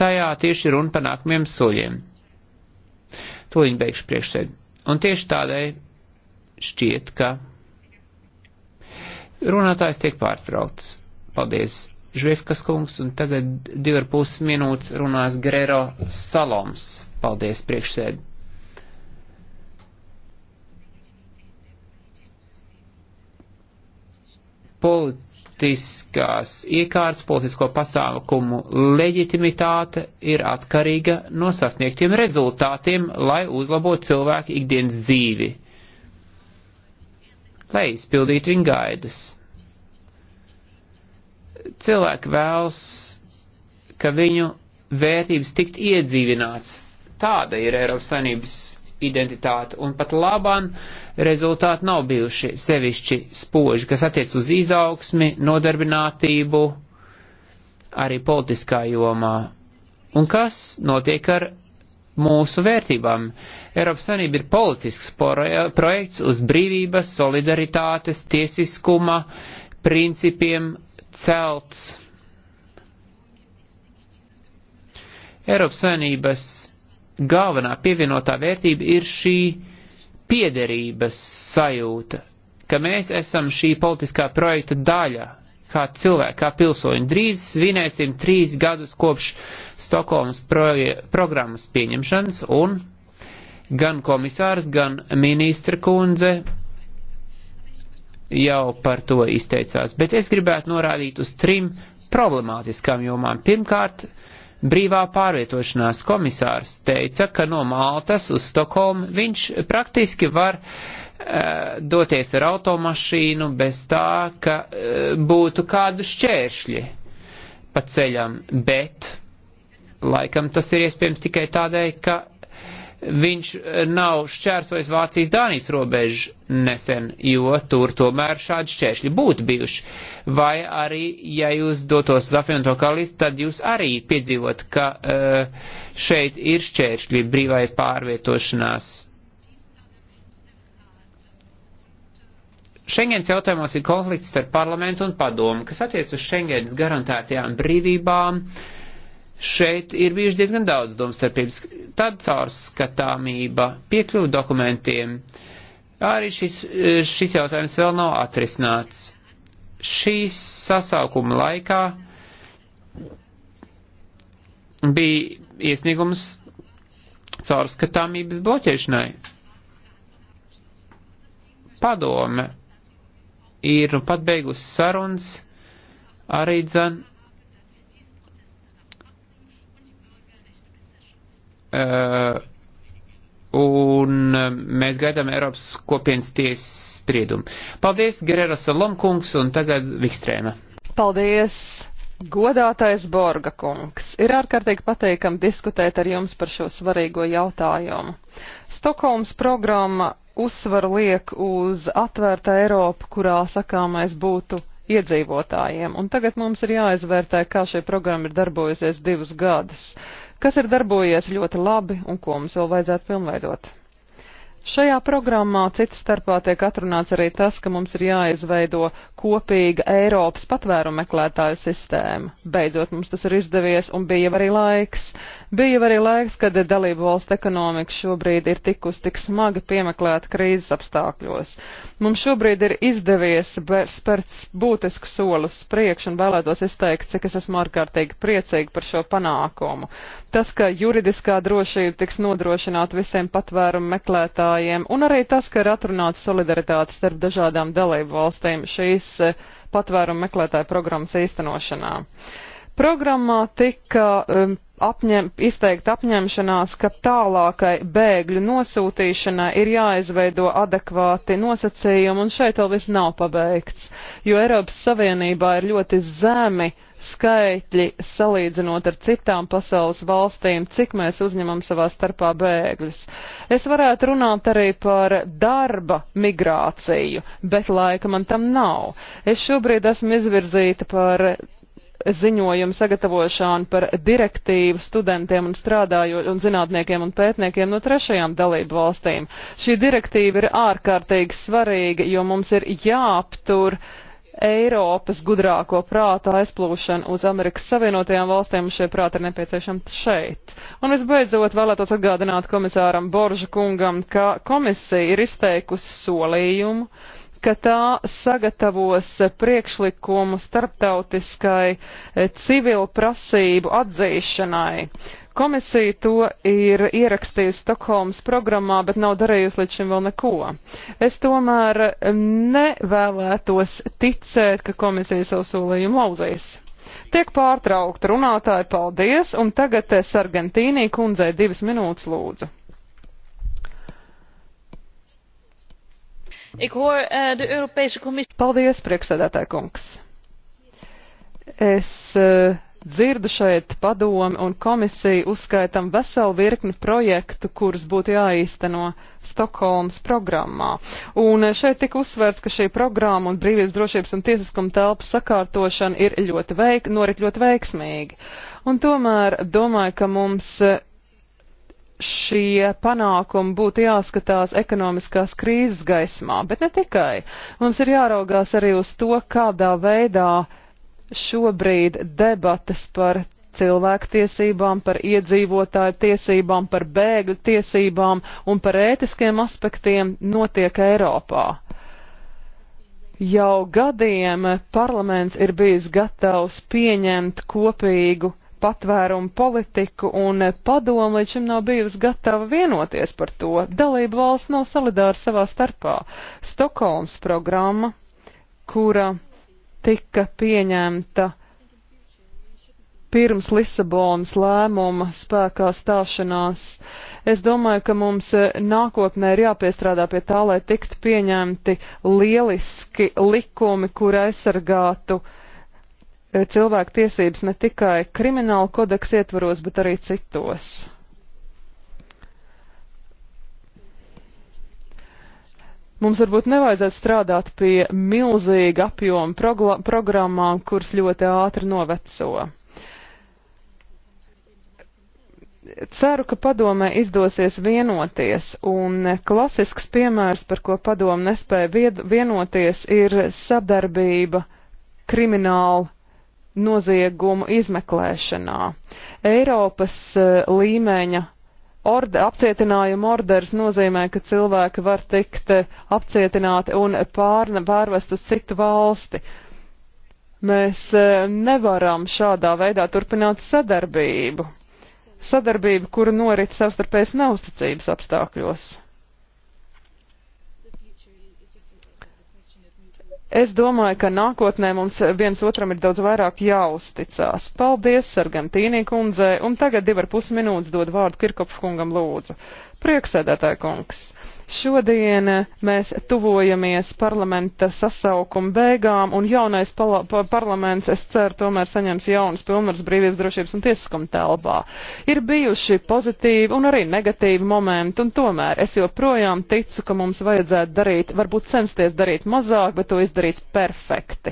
tajā tieši runa par nākamiem soļiem. Tūliņ beigšu priekšsēd. Un tieši tādēļ šķiet, ka runātājs tiek pārtraukts. Paldies! Žvifkas kungs, un tagad divi ar pus minūtes runās Grero Saloms. Paldies, priekšsēdi. Politiskās iekārtas, politisko pasākumu leģitimitāte ir atkarīga no sasniegtiem rezultātiem, lai uzlabotu cilvēku ikdienas dzīvi, lai izpildītu viņa gaidas cilvēki vēlas, ka viņu vērtības tikt iedzīvināts. Tāda ir Eiropas Savienības identitāte, un pat labam rezultāti nav bijuši sevišķi spoži, kas attiec uz izaugsmi, nodarbinātību, arī politiskā jomā. Un kas notiek ar mūsu vērtībām? Eiropas Savienība ir politisks projekts uz brīvības, solidaritātes, tiesiskuma principiem, celts Eiropas Savienības galvenā pievienotā vērtība ir šī piederības sajūta, ka mēs esam šī politiskā projekta daļa, kā cilvēki, kā pilsoņi. Drīz svinēsim trīs gadus kopš Stokholmas programmas pieņemšanas un gan komisārs, gan ministra kundze jau par to izteicās, bet es gribētu norādīt uz trim problemātiskām jomām. Pirmkārt, brīvā pārvietošanās komisārs teica, ka no Maltas uz Stokholmu viņš praktiski var uh, doties ar automašīnu bez tā, ka uh, būtu kādu šķēršļi pa ceļam, bet laikam tas ir iespējams tikai tādēļ, ka viņš eh, nav šķērsojis Vācijas Dānijas robežu nesen, jo tur tomēr šādi šķēršļi būtu bijuši. Vai arī, ja jūs dotos uz apvienoto karalisti, tad jūs arī piedzīvot, ka eh, šeit ir šķēršļi brīvai pārvietošanās. Šengens jautājumos ir konflikts starp parlamentu un padomu, kas attiec uz Šengens garantētajām brīvībām. Uh, Šeit ir bijuši diezgan daudz domstarpības. Tad caurskatāmība, piekļuva dokumentiem, arī šis, šis jautājums vēl nav atrisināts. Šīs sasaukuma laikā bija iesniegums caurskatāmības bloķēšanai. Padome ir pat beigusi sarunas arī dzan Uh, un eh, mēs gaidām Eiropas kopienas tiesas spriedumu. Paldies, Gerero Salomkungs, un tagad Vikstrēma. Paldies! Godātais Borga kungs, ir ārkārtīgi pateikami diskutēt ar jums par šo svarīgo jautājumu. Stokholmas programma uzsvar liek uz atvērta Eiropu, kurā sakāmais būtu iedzīvotājiem, un tagad mums ir jāizvērtē, kā šī programma ir darbojusies divus gadus. Uh, kas ir darbojies ļoti labi un ko mums vēl vajadzētu pilnveidot. Šajā programmā citas starpā tiek atrunāts arī tas, ka mums ir jāizveido kopīga Eiropas patvērumu meklētāju sistēma. Beidzot mums tas ir izdevies un bija arī laiks. Bija arī laiks, kad dalību valsts ekonomika šobrīd ir tikus tik smagi piemeklēta krīzes apstākļos. Mums šobrīd ir izdevies spērt būtisku solus priekš un vēlētos izteikt, cik es esmu ārkārtīgi priecīgi par šo panākumu. Tas, ka juridiskā drošība tiks nodrošināta visiem patvērumu meklētājiem, strādātājiem, un arī tas, ka ir atrunāts solidaritāte starp dažādām dalību valstīm šīs eh, patvērumu meklētāju programmas īstenošanā. Programmā tika um, apņem, izteikta apņemšanās, ka tālākai bēgļu nosūtīšanai ir jāizveido adekvāti nosacījumi, un šeit vēl viss nav pabeigts, jo Eiropas Savienībā ir ļoti zemi uh, skaitļi salīdzinot ar citām pasaules valstīm, cik mēs uzņemam savā starpā bēgļus. Es varētu runāt arī par darba migrāciju, bet laika man tam nav. Es šobrīd esmu izvirzīta par ziņojumu sagatavošanu par direktīvu studentiem un strādājot un zinātniekiem un pētniekiem no trešajām dalību valstīm. Šī direktīva ir ārkārtīgi svarīga, jo mums ir jāaptur uh, Eiropas gudrāko prātu aizplūšanu uz Amerikas Savienotajām valstīm, un šie prāti ir nepieciešami šeit. Un visbeidzot vēlētos atgādināt komisāram Borža kungam, ka komisija ir izteikusi solījumu, ka tā sagatavos priekšlikumu starptautiskai civilu prasību atzīšanai Komisija to ir ierakstījusi Stokholmas programmā, bet nav darījusi līdz šim vēl neko. Es tomēr nevēlētos ticēt, ka komisija savu solījumu lauzīs. Tiek pārtraukta runātāja paldies, un tagad es Argentīnī kundzei divas minūtes lūdzu. Eh, paldies, priekšsēdētāja kungs. Es uh, dzirdu šeit padomi un komisiju uzskaitam veselu virkni projektu, kurus būtu jāīsteno Stokholmas programmā. Un šeit tika uzsvērts, ka šī programma un brīvības drošības un tiesiskuma telpas sakārtošana ir ļoti veik, norit ļoti veiksmīgi. Un tomēr domāju, ka mums eh, šie panākumi būtu jāskatās ekonomiskās krīzes gaismā, bet ne tikai. Mums ir jāraugās arī uz to, kādā veidā šobrīd debates par cilvēktiesībām, par iedzīvotāju tiesībām, par bēgļu tiesībām un par ētiskiem aspektiem notiek Eiropā. Jau gadiem parlaments ir bijis gatavs pieņemt kopīgu patvērumu politiku, un padomu līdz šim nav bijusi gatava vienoties par to. Dalība valsts nav solidāra savā starpā. Stokholmas programma, kura tika pieņemta pirms Lisabonas lēmuma spēkā stāšanās. Es domāju, ka mums eh, nākotnē ir jāpiestrādā pie tā, lai tiktu pieņemti lieliski likumi, kur aizsargātu eh, cilvēku tiesības ne tikai krimināla kodeksa ietvaros, bet arī citos. Mums varbūt nevajadzētu strādāt pie milzīga apjoma programmām, kuras ļoti ātri noveco. Ceru, ka padomē izdosies vienoties, un klasisks piemērs, par ko padomu nespēja vienoties, ir sadarbība krimināla noziegumu izmeklēšanā. Eiropas eh, līmeņa orde, apcietinājuma orders nozīmē, ka cilvēki var tikt eh, apcietināti un pār, pārvest uz citu valsti. Mēs eh, nevaram šādā veidā turpināt sadarbību. Sadarbību, kura norit savstarpējas neusticības apstākļos. Es domāju, ka nākotnē mums viens otram ir daudz vairāk jāuzticās. Paldies, Sargantīnī kundzei, un tagad divar pus minūtes dod vārdu Kirkopf kungam lūdzu. Prieksēdētāji kungs! Šodien eh, mēs tuvojamies parlamenta sasaukuma beigām, un jaunais pa parlaments, es ceru, tomēr saņems jaunas pilnvaras brīvības, drošības un tiesiskuma telpā. Ir bijuši pozitīvi un arī negatīvi momenti, un tomēr es joprojām ticu, ka mums vajadzētu darīt, varbūt censties darīt mazāk, bet to izdarīt perfekti.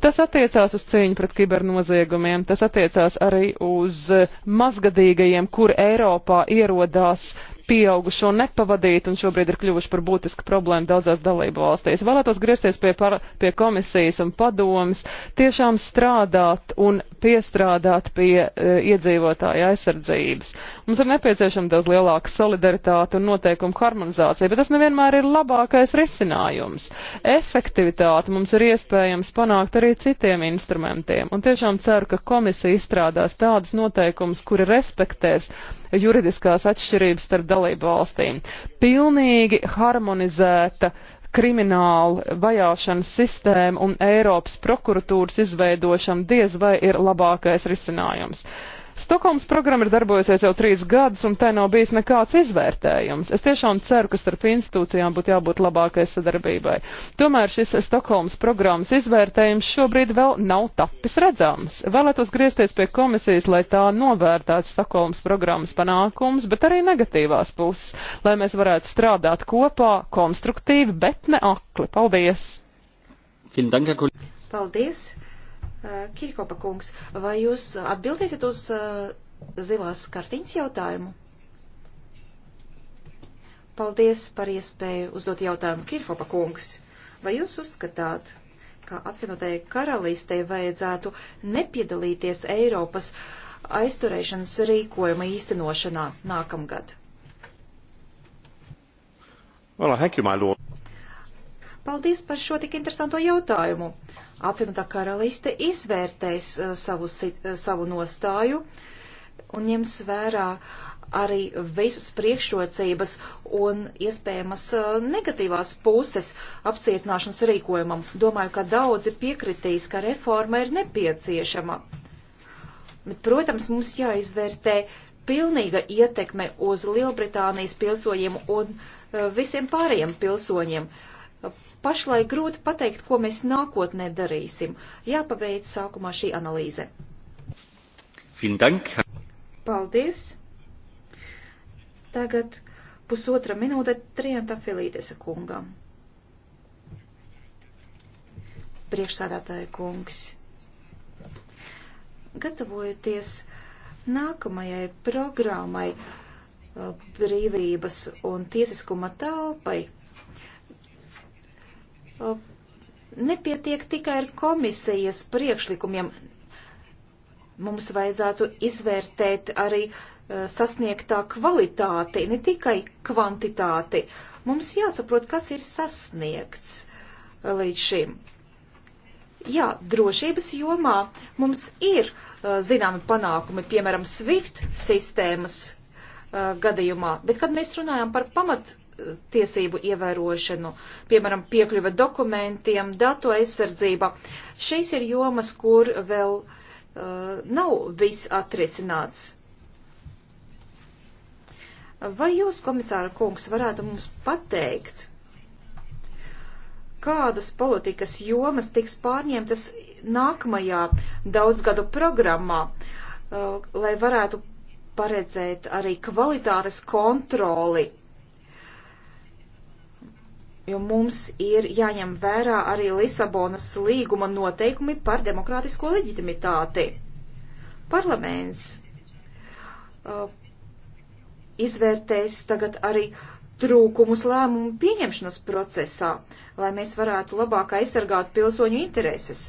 Tas attiecās uz cīņu pret kibernoziegumiem, tas attiecās arī uz mazgadīgajiem, kur Eiropā ierodās pieaugušo nepavadīt un šobrīd ir kļuvuši par būtisku problēmu daudzās dalību valstīs. Vēlētos griezties pie, par, pie komisijas un padomas, tiešām strādāt un piestrādāt pie e, iedzīvotāja aizsardzības. Mums ir nepieciešama daudz lielāka solidaritāte un noteikumu harmonizācija, bet tas nevienmēr ir labākais risinājums. Efektivitāti mums ir iespējams panākt arī citiem instrumentiem. Un tiešām ceru, ka komisija izstrādās tādus noteikumus, kuri respektēs juridiskās atšķirības starp dalību valstīm. Pilnīgi harmonizēta krimināla vajāšanas sistēma un Eiropas prokuratūras izveidošana diez vai ir labākais risinājums. Stokholmas programma ir darbojusies jau trīs gadus, un te nav bijis nekāds izvērtējums. Es tiešām ceru, ka starp institūcijām būtu jābūt labākai sadarbībai. Tomēr šis Stokholmas programmas izvērtējums šobrīd vēl nav tapis redzams. Vēlētos griezties pie komisijas, lai tā novērtētu Stokholmas programmas panākumus, bet arī negatīvās puses, lai mēs varētu strādāt kopā, konstruktīvi, bet ne akli. Paldies! Paldies! Kirkopa kungs, vai jūs atbildēsiet uz zilās kartiņas jautājumu? Paldies par iespēju uzdot jautājumu Kirkopa kungs. Vai jūs uzskatāt, ka apvienotajai karalistei vajadzētu nepiedalīties Eiropas aizturēšanas rīkojuma īstenošanā nākamgad? Well, thank you, my lord. Paldies par šo tik interesanto jautājumu. Uh, apvienotā karaliste izvērtēs eh, savu, eh, savu nostāju un ņems vērā arī visas priekšrocības un iespējamas eh, negatīvās puses apcietināšanas rīkojumam. Domāju, ka daudzi piekritīs, ka reforma ir nepieciešama. Bet, protams, mums jāizvērtē pilnīga ietekme uz Lielbritānijas pilsoņiem un visiem pārējiem pilsoņiem. Uh, Pašlaik grūti pateikt, ko mēs nākotnē darīsim. Jāpabeidz sākumā šī analīze. Paldies! Tagad pusotra minūte Trienta Filītesa kungam. Priekšsādātāja kungs, gatavojoties nākamajai programmai uh, brīvības un tiesiskuma telpai, Uh, nepietiek tikai ar komisijas priekšlikumiem. Mums vajadzētu izvērtēt arī uh, sasniegtā kvalitāti, ne tikai kvantitāti. Mums jāsaprot, kas ir sasniegts uh, līdz šim. Jā, drošības jomā mums ir zināmi panākumi, piemēram, SWIFT sistēmas gadījumā, bet kad mēs runājam par pamat tiesību ievērošanu, piemēram, piekļuva dokumentiem, datu aizsardzība. Šīs ir jomas, kur vēl uh, nav viss atrisināts. Vai jūs, komisāra kungs, varētu mums pateikt, kādas politikas jomas tiks pārņemtas nākamajā daudzgadu programmā, uh, lai varētu paredzēt arī kvalitātes kontroli jo mums ir jāņem vērā arī Lisabonas līguma noteikumi par demokrātisko leģitimitāti. Parlaments uh, izvērtēs tagad arī trūkumus lēmumu pieņemšanas procesā, lai mēs varētu labāk aizsargāt pilsoņu intereses.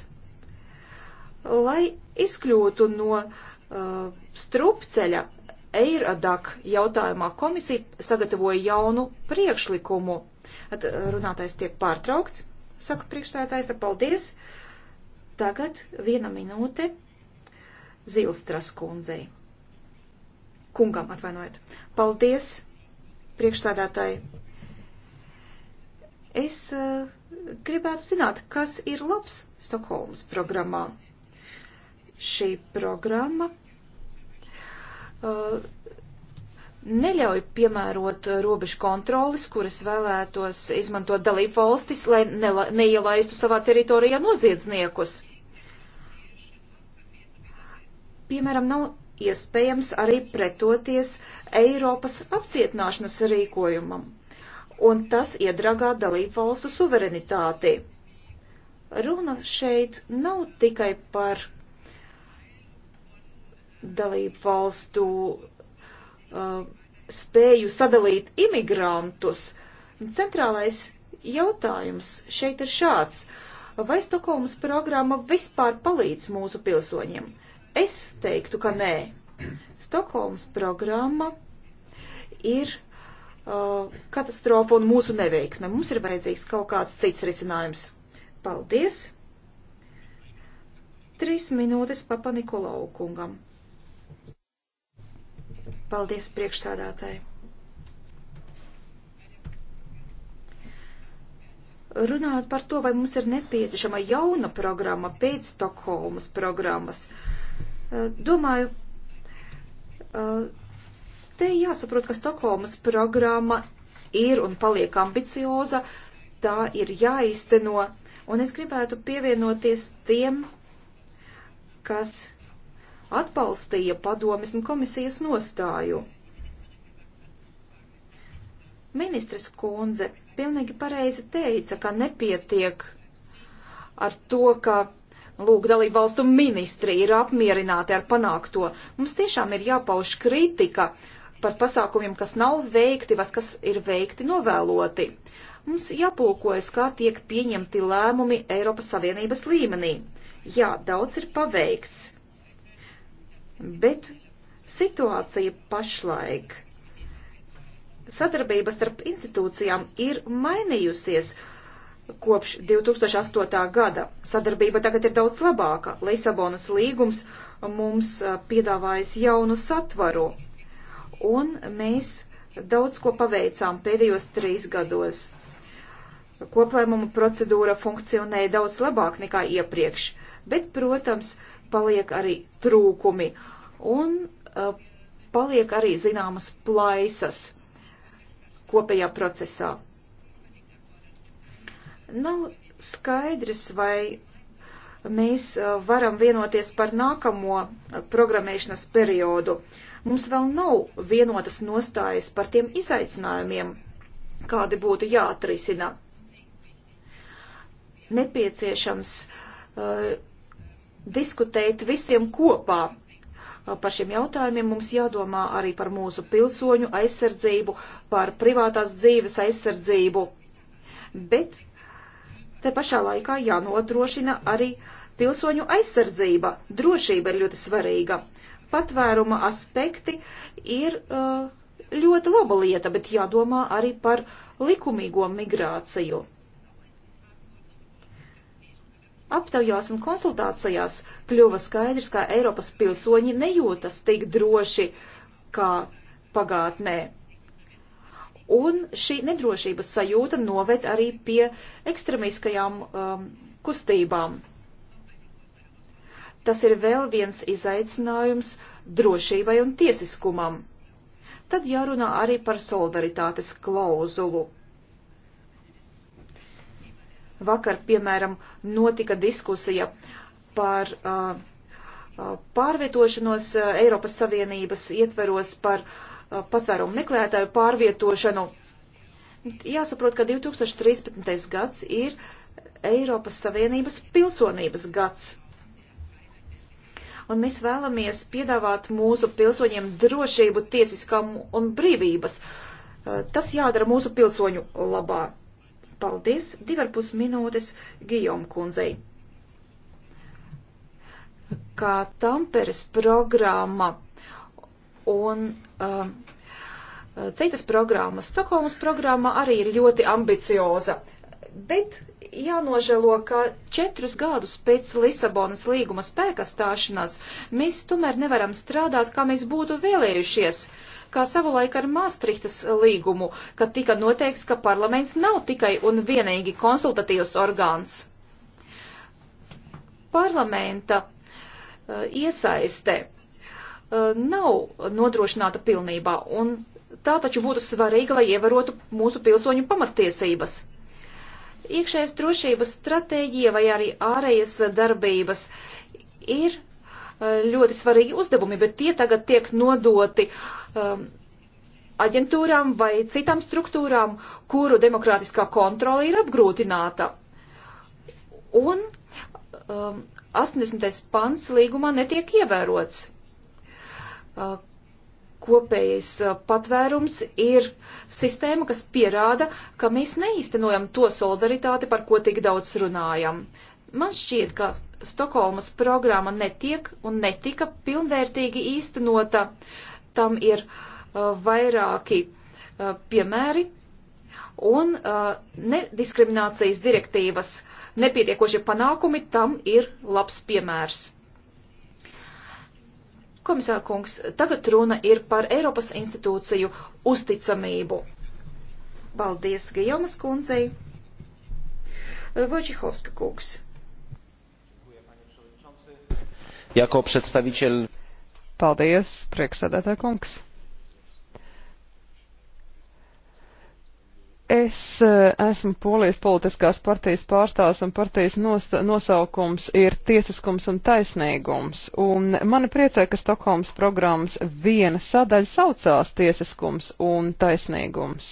Lai izkļūtu no uh, strupceļa, Eiradak jautājumā komisija sagatavoja jaunu priekšlikumu At, uh, runātais tiek pārtraukts, saka priekšsētājs, paldies. Tagad viena minūte Zilstras kundzei. Kungam atvainojiet. Paldies, priekšsēdētāji. Es uh, gribētu zināt, kas ir labs Stokholmas programmā. Šī programma uh, neļauj piemērot robežu kontrolis, kuras vēlētos izmantot dalību valstis, lai neielaistu savā teritorijā noziedzniekus. Piemēram, nav iespējams arī pretoties Eiropas apcietināšanas rīkojumam, un tas iedragā dalību valstu suverenitāti. Runa šeit nav tikai par dalību valstu Uh, spēju sadalīt imigrantus. Centrālais jautājums šeit ir šāds. Vai Stokholmas programma vispār palīdz mūsu pilsoņiem? Es teiktu, ka nē. Stokholmas programma ir uh, katastrofa un mūsu neveiksme. Mums ir vajadzīgs kaut kāds cits risinājums. Paldies! Trīs minūtes papa Nikolau kungam. Paldies priekšsādātāji. Runājot par to, vai mums ir nepieciešama jauna programma pēc Stokholmas programmas, eh, domāju, eh, te jāsaprot, ka Stokholmas programma ir un paliek ambicioza, tā ir jāizteno, un es gribētu pievienoties tiem, kas atbalstīja padomes un komisijas nostāju. Ministres kundze pilnīgi pareizi teica, ka nepietiek ar to, ka lūk, dalību valstu ministri ir apmierināti ar panākto. Mums tiešām ir jāpauž kritika par pasākumiem, kas nav veikti, vai kas ir veikti novēloti. Mums jāpulkojas, kā tiek pieņemti lēmumi Eiropas Savienības līmenī. Jā, daudz ir paveikts bet situācija pašlaik. Sadarbība starp institūcijām ir mainījusies kopš 2008. gada. Sadarbība tagad ir daudz labāka. Lisabonas līgums mums piedāvājas jaunu satvaru, un mēs daudz ko paveicām pēdējos trīs gados. Koplēmuma procedūra funkcionēja daudz labāk nekā iepriekš, bet, protams, uh, paliek arī trūkumi un uh, paliek arī zināmas plaisas kopējā procesā. Nav skaidrs, vai mēs uh, varam vienoties par nākamo uh, programmēšanas periodu. Mums vēl nav vienotas nostājas par tiem izaicinājumiem, kādi būtu jāatrisina. Nepieciešams uh, diskutēt visiem kopā par šiem jautājumiem mums jādomā arī par mūsu pilsoņu aizsardzību, par privātās dzīves aizsardzību. Bet te pašā laikā jānodrošina arī pilsoņu aizsardzība. Drošība ir ļoti svarīga. Patvēruma aspekti ir ļoti laba lieta, bet jādomā arī par likumīgo migrāciju. Aptaujās un konsultācijās kļuva skaidrs, ka Eiropas pilsoņi nejūtas tik droši kā pagātnē. Un šī nedrošības sajūta noved arī pie ekstremiskajām um, kustībām. Tas ir vēl viens izaicinājums drošībai un tiesiskumam. Tad jārunā arī par solidaritātes klauzulu. Vakar, piemēram, notika diskusija par uh, uh pārvietošanos uh, Eiropas Savienības ietveros par uh, patvērumu meklētāju pārvietošanu. Jāsaprot, ka 2013. gads ir Eiropas Savienības pilsonības gads. Un mēs vēlamies piedāvāt mūsu pilsoņiem drošību, tiesiskam un brīvības. Uh, tas jādara mūsu pilsoņu labā. Paldies! Divarpus minūtes Gijom kundzei. Kā Tamperes programma un uh, citas programmas, Stokholmas programma arī ir ļoti ambicioza, bet jānožēlo, ka četrus gadus pēc Lisabonas līguma spēkā stāšanās mēs tomēr nevaram strādāt, kā mēs būtu vēlējušies. Uh, kā savulaik ar Maastrichtas līgumu, kad tika noteikts, ka parlaments nav tikai un vienīgi konsultatīvs orgāns. Parlamenta eh, iesaiste eh, nav nodrošināta pilnībā, un tā taču būtu svarīga, lai ievarotu mūsu pilsoņu pamattiesības. Iekšējais drošības stratēģija vai arī ārējas darbības ir eh, ļoti svarīgi uzdevumi, bet tie tagad tiek nodoti um, aģentūrām vai citām struktūrām, kuru demokrātiskā kontrola ir apgrūtināta. Un um, 80. pants līgumā netiek ievērots. Uh, kopējais uh, patvērums ir sistēma, kas pierāda, ka mēs neīstenojam to solidaritāti, par ko tik daudz runājam. Man šķiet, ka Stokholmas programma netiek un netika pilnvērtīgi īstenota. Uh, tam ir uh, vairāki uh, piemēri, un uh, nediskriminācijas direktīvas nepietiekošie panākumi tam ir labs piemērs. Komisār kungs, tagad runa ir par Eiropas institūciju uzticamību. Paldies Gijomas kundzei. Wojciechowska uh, kungs. Jako przedstawiciel Paldies, priekšsēdētāj kungs. Es eh, esmu Polijas politiskās partijas pārstāvs un partijas nosaukums ir tiesiskums un taisnīgums. Un mani priecē, ka Stokholmas programmas viena sadaļa saucās tiesiskums un taisnīgums.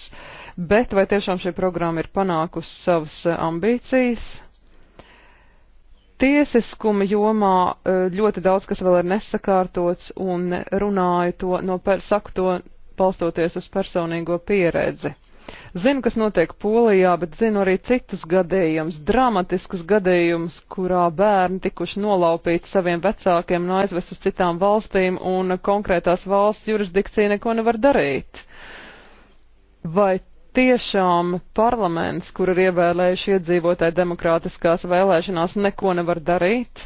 Bet vai tiešām šī programma ir panākusi savas eh, ambīcijas? tiesiskuma jomā eh, ļoti daudz kas vēl ir nesakārtots un runāju to no per, saku to palstoties uz personīgo pieredzi. Zinu, kas notiek Polijā, bet zinu arī citus gadījumus, dramatiskus gadījumus, kurā bērni tikuši nolaupīti saviem vecākiem un aizvest uz citām valstīm, un konkrētās valsts jurisdikcija neko nevar darīt. Vai tiešām parlaments, kur ir ievēlējuši iedzīvotāji demokrātiskās vēlēšanās, neko nevar darīt.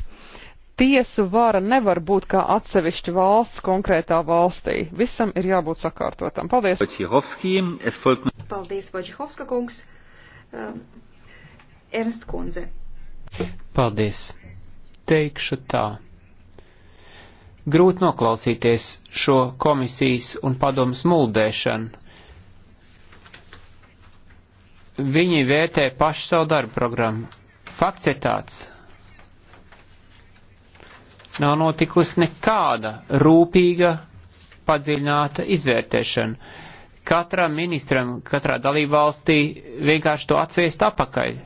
Tiesu vara nevar būt kā atsevišķa valsts konkrētā valstī. Visam ir jābūt sakārtotam. Paldies! Paldies, Vaģihovska kungs! Um, Ernst kundze. Paldies! Teikšu tā. Grūti noklausīties šo komisijas un padomas muldēšanu viņi vērtē pašu savu darbu programmu. Fakts ir tāds. Nav notikusi nekāda rūpīga, padziļināta izvērtēšana. Katram ministram, katrā dalībvalstī vienkārši to atsviest apakaļ.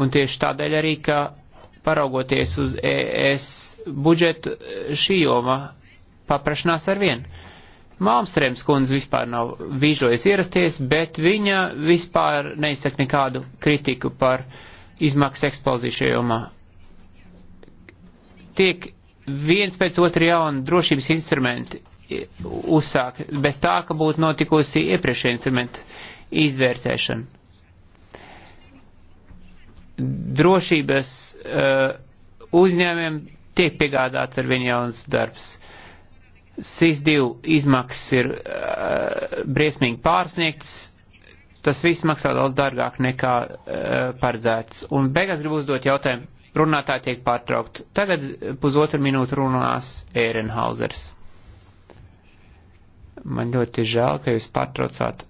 Un tieši tādēļ arī, ka paraugoties uz ES budžetu, šī joma paprašanās ar vienu. Malmstrēms kundze vispār nav vīžojas ierasties, bet viņa vispār neizsaka nekādu kritiku par izmaksu ekspozīciju jomā. Tiek viens pēc otra jauna drošības instrumenti uzsāk, bez tā, ka būtu notikusi iepriekšējā instrumenta izvērtēšana. Drošības uh, uzņēmiem tiek piegādāts ar viņu jauns darbs SIS-2 izmaksas ir uh, briesmīgi pārsniegts, tas viss maksā daudz dārgāk nekā uh, paredzēts. Un beigās gribu uzdot jautājumu, runātāji tiek pārtraukt. Tagad pusotru minūtu runās Ērenhauzers. Man ļoti žēl, ka jūs pārtraucāt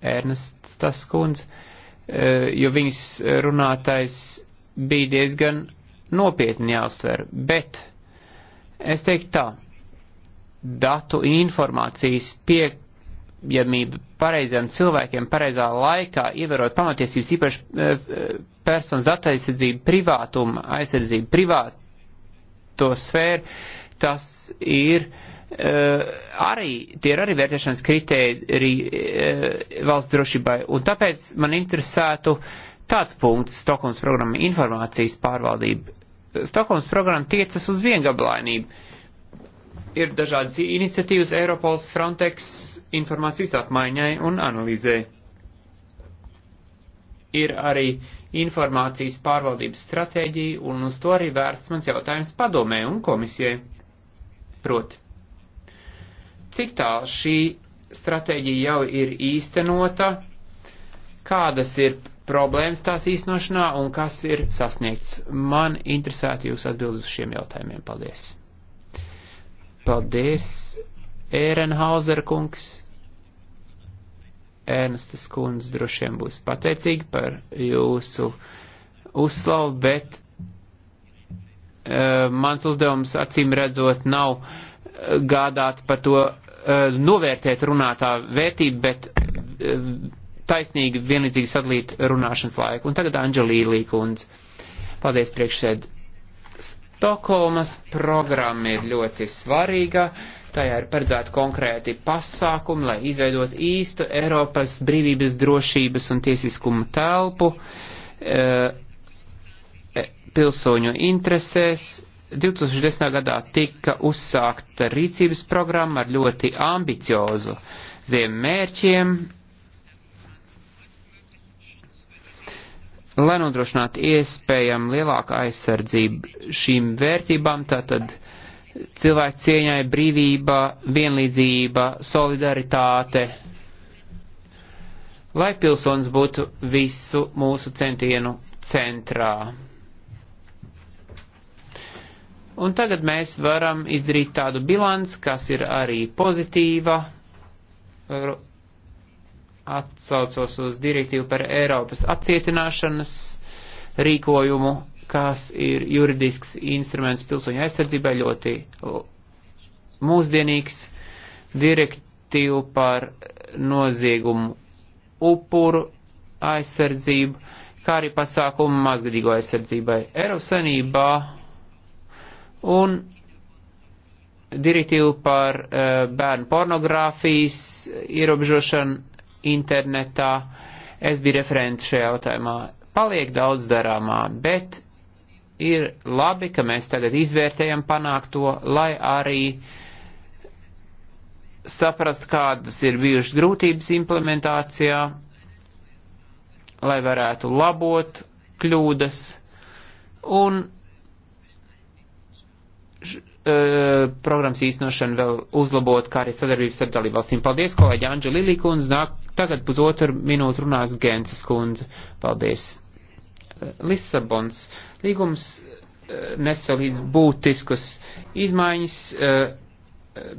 Ernestas kundz, uh, eh, jo viņas runātais bija diezgan nopietni jāuztver, bet es teiktu tā datu informācijas pieejamību pareiziem cilvēkiem pareizā laikā, ievērot pamatiesības īpaši eh, eh, personas datu aizsardzību, privātuma aizsardzību, privāto sfēru, tas ir uh, arī, tie ir arī vērtēšanas kritēriji uh, valsts drošībai. Un tāpēc man interesētu tāds punkts Stokholmas programma informācijas pārvaldība. Stokholmas programma tiecas uz viengablainību. Uh, ir dažādas iniciatīvas Eiropols Frontex informācijas apmaiņai un analīzē. Ir arī informācijas pārvaldības stratēģija, un uz to arī vērsts mans jautājums padomē un komisijai. Proti, cik tālu šī stratēģija jau ir īstenota, kādas ir problēmas tās īstenošanā un kas ir sasniegts? Man interesētu jūs atbildus šiem jautājumiem. Paldies! Paldies, Ērenhauser kungs. Ernstas kundze droši vien būs pateicīga par jūsu uzslavu, bet uh, mans uzdevums acīm redzot nav e, gādāt par to uh, novērtēt runātā vērtību, bet uh, taisnīgi vienlīdzīgi sadalīt runāšanas laiku. Un tagad Anģelīlī kundze. Paldies priekšsēd. Stokholmas programma ir ļoti svarīga. Tajā ir paredzēti konkrēti pasākumi, lai izveidot īstu Eiropas brīvības, drošības un tiesiskumu telpu eh, e, pilsoņu interesēs. 2010. gadā tika uzsākta rīcības programma ar ļoti ambiciozu ziem mērķiem, lai nodrošinātu iespējam lielāku aizsardzību šīm vērtībām, tātad cilvēku cieņai, brīvība, vienlīdzība, solidaritāte, lai pilsonis būtu visu mūsu centienu centrā. Un tagad mēs varam izdarīt tādu bilanci, kas ir arī pozitīva atsaucos uz direktīvu par Eiropas apcietināšanas rīkojumu, kas ir juridisks instruments pilsoņu aizsardzībai ļoti mūsdienīgs, direktīvu par noziegumu upuru aizsardzību, kā arī pasākumu mazgadīgo aizsardzībai Eiropas sanībā un direktīvu par uh, bērnu pornogrāfijas ierobežošanu internetā. Es biju referents šajā jautājumā. Paliek daudz darāmā, bet ir labi, ka mēs tagad izvērtējam panākto, lai arī saprast, kādas ir bijušas grūtības implementācijā, lai varētu labot kļūdas un E, programmas īstenošanu vēl uzlabot, kā arī sadarbības starp dalībvalstīm. Paldies, kolēģi Anģa Lilī kundze, nāk tagad pusotru minūtu runās Gences kundze. Paldies. E, Lisabons līgums e, nesa līdz būtiskus izmaiņas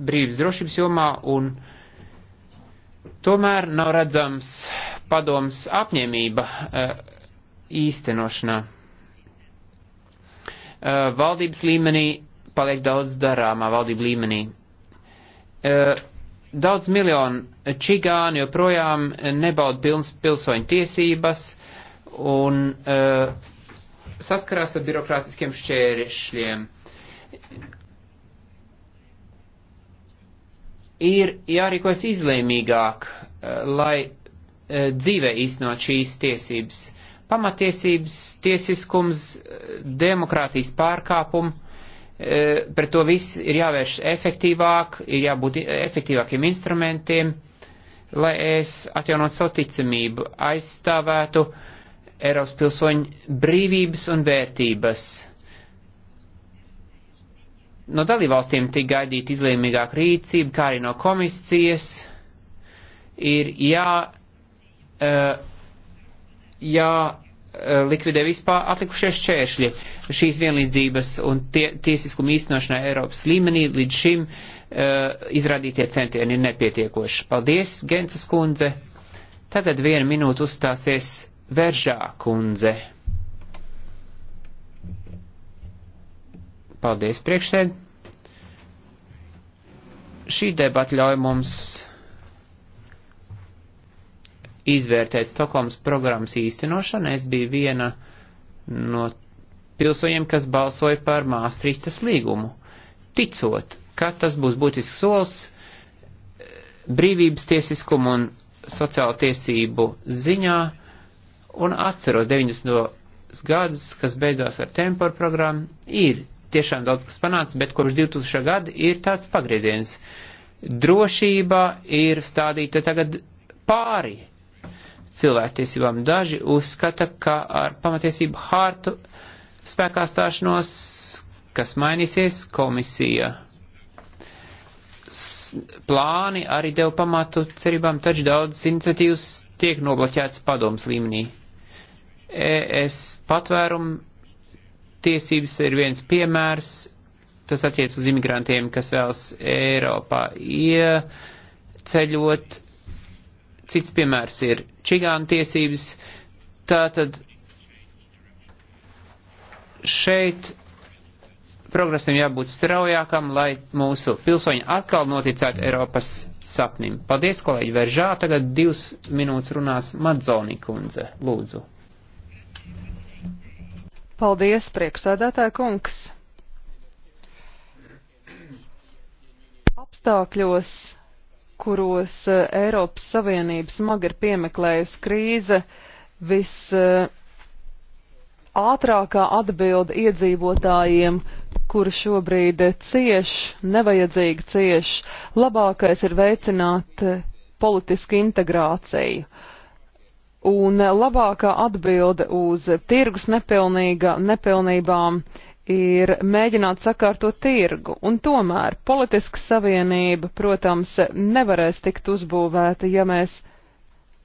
brīvības drošības jomā un tomēr nav redzams padoms apņēmība īstenošanā. Valdības līmenī paliek daudz darāmā valdību līmenī. E, daudz miljonu čigāni joprojām nebauda pilns pilsoņu tiesības un e, saskarās ar birokrātiskiem šķēršļiem. Ir jārīkojas izlēmīgāk, e, lai dzīvē īstenot šīs tiesības. Pamatiesības, tiesiskums, demokrātijas pārkāpumu Eh, pret to viss ir jāvērš efektīvāk, ir jābūt efektīvākiem instrumentiem, lai es atjaunot savu ticamību, aizstāvētu Eiropas pilsoņu brīvības un vērtības. No dalībvalstīm tika gaidīta izlēmīgāka rīcība, kā arī no komisijas. Ir jā, uh, jā Eh, likvidē vispār atlikušie šķēršļi šīs vienlīdzības un tie, tiesiskuma īstenošanai Eiropas līmenī līdz šim uh, izrādītie centieni ir nepietiekoši. Paldies, Gences kundze. Tagad vienu minūtu uzstāsies Veržā kundze. Paldies, priekšsēd. Šī debata ļauj mums izvērtēt Stokholmas programmas īstenošanu. Es biju viena no pilsoņiem, kas balsoja par Māstrihtas līgumu, ticot, ka tas būs būtisks solis eh, brīvības tiesiskumu un sociālo tiesību ziņā, un atceros 90. gadus, kas beidzās ar temporu programmu, ir tiešām daudz kas panācis, bet kopš 2000. gada ir tāds pagrieziens. Drošība ir stādīta tagad pāri cilvēktiesībām. Daži uzskata, ka ar pamatiesību hārtu spēkā stāšanos, kas mainīsies, komisija plāni arī deva pamatu cerībām, taču daudz iniciatīvas tiek nobloķētas padoms līmenī. ES patvērumu tiesības ir viens piemērs, tas attiec uz imigrantiem, kas vēlas Eiropā ieceļot. Ja Cits piemērs ir čigānu tiesības. Tātad šeit progresam jābūt straujākam, lai mūsu pilsoņi atkal noticētu Eiropas sapnim. Paldies, kolēģi Veržā. Tagad divas minūtes runās Madzonī kundze. Lūdzu. Paldies, priekšsēdētāja kungs. Apstākļos kuros eh, Eiropas Savienība smagi ir piemeklējusi krīze, vis eh, ātrākā atbilde iedzīvotājiem, kur šobrīd cieš, nevajadzīgi cieš, labākais ir veicināt eh, politisku integrāciju. Un labākā atbilde uz tirgus nepilnīga, nepilnībām ir mēģināt sakārtot tirgu, un tomēr politiska savienība, protams, nevarēs tikt uzbūvēta, ja mēs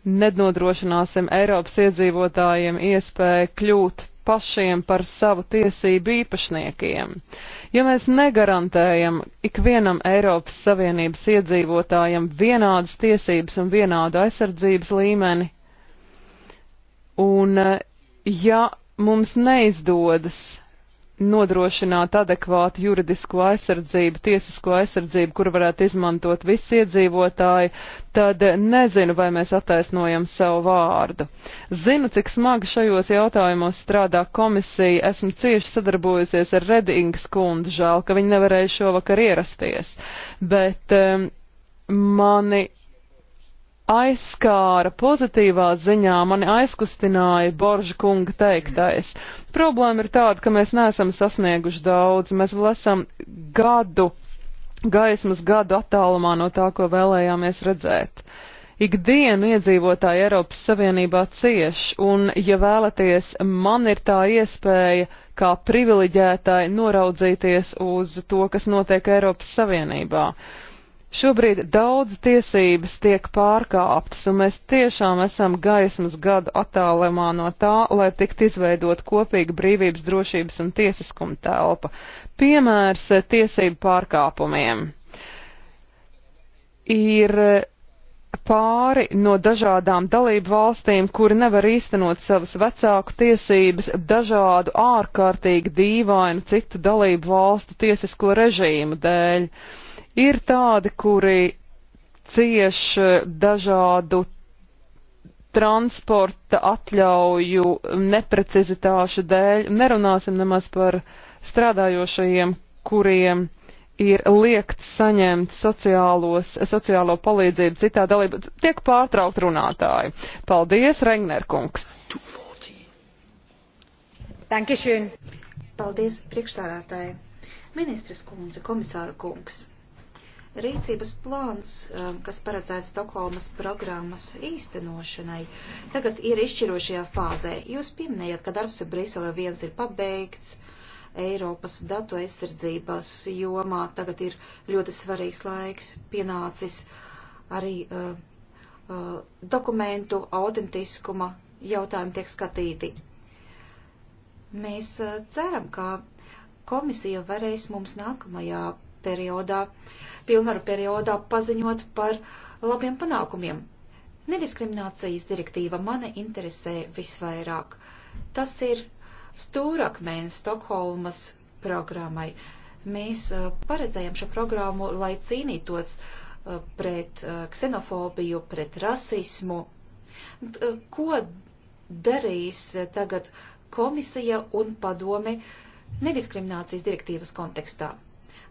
nedodrošināsim Eiropas iedzīvotājiem iespēju kļūt pašiem par savu tiesību īpašniekiem. Ja mēs negarantējam ikvienam Eiropas Savienības iedzīvotājam vienādas tiesības un vienādu aizsardzības līmeni, un eh, ja mums neizdodas nodrošināt adekvātu juridisko aizsardzību, tiesisko aizsardzību, kur varētu izmantot visi iedzīvotāji, tad nezinu, vai mēs attaisnojam savu vārdu. Zinu, cik smagi šajos jautājumos strādā komisija, esmu cieši sadarbojusies ar Redingas kundu, žēl, ka viņi nevarēja šovakar ierasties, bet um, mani aizskāra pozitīvā ziņā, mani aizkustināja Borža kunga teiktais. Problēma ir tāda, ka mēs neesam sasnieguši daudz, mēs vēl esam gadu, gaismas gadu attālumā no tā, ko vēlējāmies redzēt. Ikdienu iedzīvotāji Eiropas Savienībā cieš, un, ja vēlaties, man ir tā iespēja kā privileģētāji noraudzīties uz to, kas notiek Eiropas Savienībā. Uh, Šobrīd daudz tiesības tiek pārkāptas, un mēs tiešām esam gaismas gadu attālumā no tā, lai tikt izveidot kopīga brīvības, drošības un tiesiskuma telpa. Piemērs tiesību pārkāpumiem ir pāri no dažādām dalību valstīm, kuri nevar īstenot savas vecāku tiesības dažādu ārkārtīgi dīvainu citu dalību valstu tiesisko režīmu dēļ. Uh, Ir tādi, kuri cieš eh, dažādu transporta atļauju neprecizitāšu dēļ. Nerunāsim nemaz par strādājošajiem, kuriem ir liekts saņemt sociālos, sociālo palīdzību citā dalība. Tiek pārtraukt runātāji. Paldies, Regnerkungs. 240. Dankeschön. Paldies, priekšsādātāji. Ministres kundze, komisāra kungs rīcības plāns, um, kas paredzēts Stokholmas programmas īstenošanai, tagad ir izšķirošajā fāzē. Jūs pieminējat, ka darbs pie Brisele viens ir pabeigts, Eiropas datu aizsardzības jomā tagad ir ļoti svarīgs laiks pienācis arī uh, uh, dokumentu autentiskuma jautājumi tiek skatīti. Mēs uh, ceram, ka komisija varēs mums nākamajā periodā uh, pilnvaru periodā paziņot par labiem panākumiem. Nediskriminācijas direktīva mani interesē visvairāk. Tas ir stūrakmēns Stokholmas programmai. Mēs uh, paredzējam šo programmu, lai cīnītos uh, pret uh, ksenofobiju, pret rasismu. Ko darīs tagad komisija un padome nediskriminācijas direktīvas kontekstā?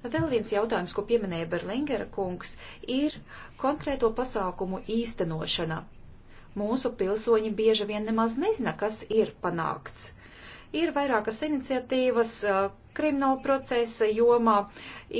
Vēl viens jautājums, ko pieminēja Berlingera kungs, ir konkrēto pasākumu īstenošana. Mūsu pilsoņi bieži vien nemaz nezina, kas ir panākts. Ir vairākas iniciatīvas eh, krimināla procesa jomā,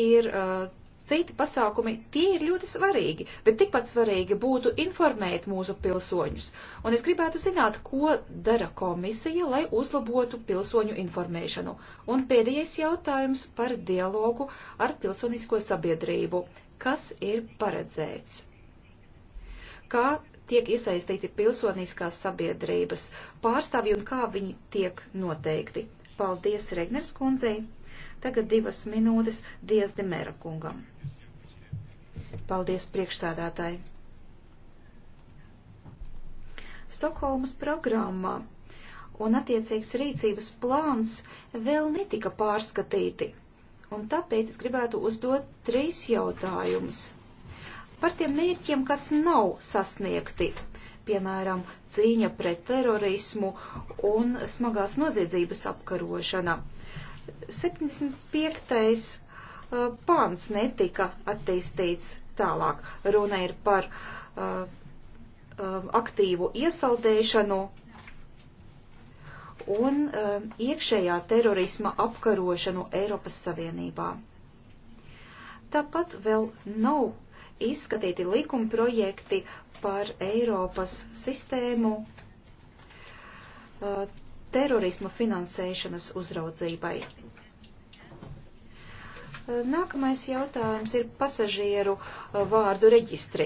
ir eh, citi pasākumi, tie ir ļoti svarīgi, bet tikpat svarīgi būtu informēt mūsu pilsoņus. Un es gribētu zināt, ko dara komisija, lai uzlabotu pilsoņu informēšanu. Un pēdējais jautājums par dialogu ar pilsonisko sabiedrību. Kas ir paredzēts? Kā tiek iesaistīti pilsoniskās sabiedrības pārstāvji un kā viņi tiek noteikti? Paldies Regners kundzei! Tagad divas minūtes Dievs Demēra kungam. Paldies priekšstādātāji. Stokholmas programmā un attiecīgs rīcības plāns vēl netika pārskatīti, un tāpēc es gribētu uzdot trīs jautājumus par tiem mērķiem, kas nav sasniegti, piemēram, cīņa pret terorismu un smagās noziedzības apkarošana. 75. Uh, pāns netika attīstīts tālāk. Runa ir par uh, uh, aktīvu iesaldēšanu un iekšējā terorisma apkarošanu Eiropas Savienībā. Tāpat vēl nav izskatīti likuma projekti par Eiropas sistēmu terorisma finansēšanas uzraudzībai. Nākamais jautājums ir pasažieru uh, vārdu reģistri.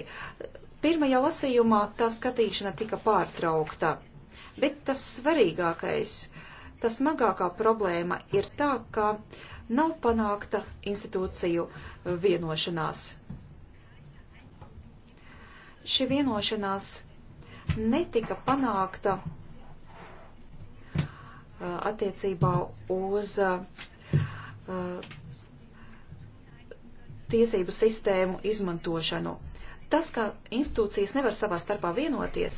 Pirmajā lasījumā tā skatīšana tika pārtraukta, bet tas svarīgākais, tas smagākā problēma ir tā, ka nav panākta institūciju uh, vienošanās. Šī vienošanās netika panākta uh, attiecībā uz uh, tiesību sistēmu izmantošanu. Tas, ka institūcijas nevar savā starpā vienoties,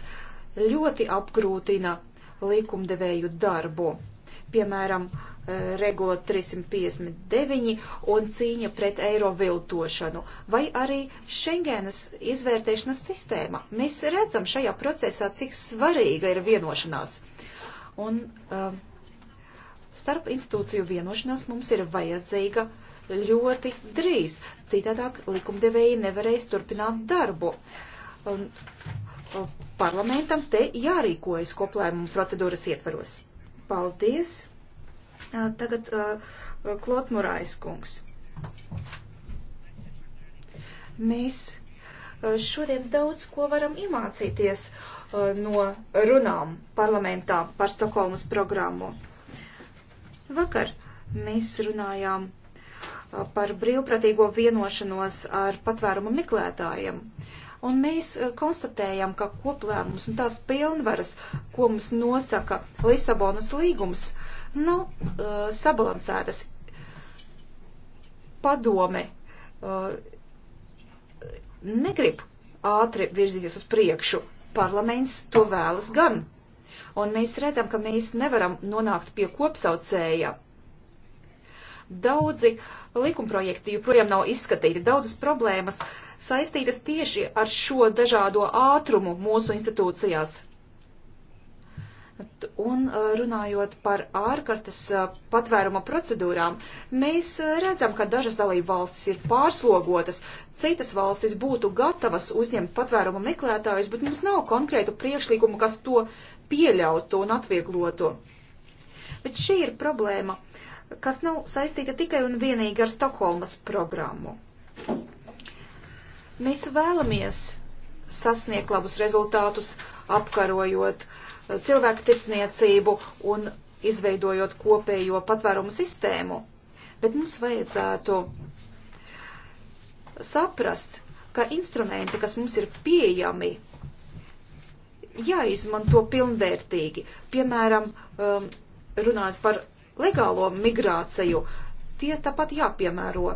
ļoti apgrūtina likumdevēju darbu. Piemēram, eh, regula 359 un cīņa pret eiro viltošanu, vai arī Schengenas izvērtēšanas sistēma. Mēs redzam šajā procesā, cik svarīga ir vienošanās. Un, uh, starp institūciju vienošanās mums ir vajadzīga uh, ļoti drīz. Citādāk likumdevēji nevarēs turpināt darbu. Un, un parlamentam te jārīkojas koplēmumu procedūras ietvaros. Paldies! Tagad Klot Murais kungs. Mēs šodien daudz ko varam iemācīties no runām parlamentā par Stokholmas programmu. Vakar mēs runājām par brīvprātīgo vienošanos ar patvērumu meklētājiem. Un mēs eh, konstatējam, ka koplēmums un tās pilnvaras, ko mums nosaka Lisabonas līgums, nav uh, sabalansētas. Padome uh, negrib ātri virzīties uz priekšu. Parlaments to vēlas gan. Un mēs redzam, ka mēs nevaram nonākt pie kopsaucēja Daudzi likumprojekti joprojām nav izskatīti, daudzas problēmas saistītas tieši ar šo dažādo ātrumu mūsu institūcijās. Un uh, runājot par ārkārtas uh, patvēruma procedūrām, mēs uh, redzam, ka dažas dalība valstis ir pārslogotas, citas valstis būtu gatavas uzņemt patvēruma meklētājus, bet mums nav konkrētu priekšlīgumu, kas to pieļautu un atvieglotu. Bet šī ir problēma, kas nav saistīta tikai un vienīgi ar Stokholmas programmu. Mēs vēlamies sasniegt labus rezultātus, apkarojot uh, cilvēku tirsniecību un izveidojot kopējo patvērumu sistēmu, bet mums vajadzētu saprast, ka instrumenti, kas mums ir pieejami, jāizmanto pilnvērtīgi. Piemēram, um, runāt par legālo migrāciju, tie tāpat jāpiemēro,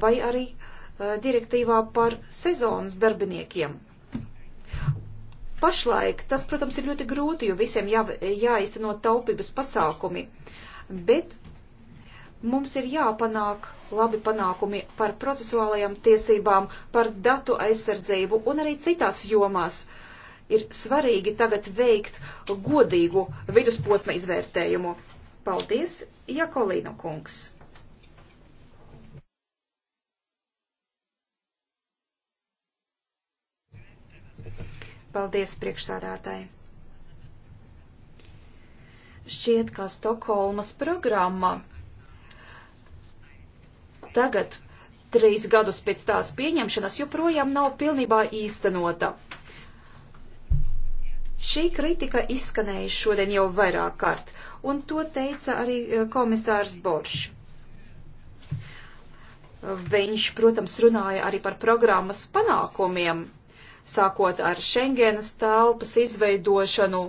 vai arī eh, direktīvā par sezonas darbiniekiem. Pašlaik tas, protams, ir ļoti grūti, jo visiem jā, jāizteno taupības pasākumi, bet mums ir jāpanāk labi panākumi par procesuālajām tiesībām, par datu aizsardzību un arī citās jomās. Ir svarīgi tagad veikt godīgu vidusposma izvērtējumu. Paldies, Jakolīnu kungs! Paldies, priekšsādātāji! Šķiet, kā Stokholmas programma tagad, trīs gadus pēc tās pieņemšanas, joprojām nav pilnībā īstenota. Šī kritika izskanēja šodien jau vairāk kārt, un to teica arī eh, komisārs Boršs. Viņš, protams, runāja arī par programmas panākumiem, sākot ar Schengenas telpas izveidošanu,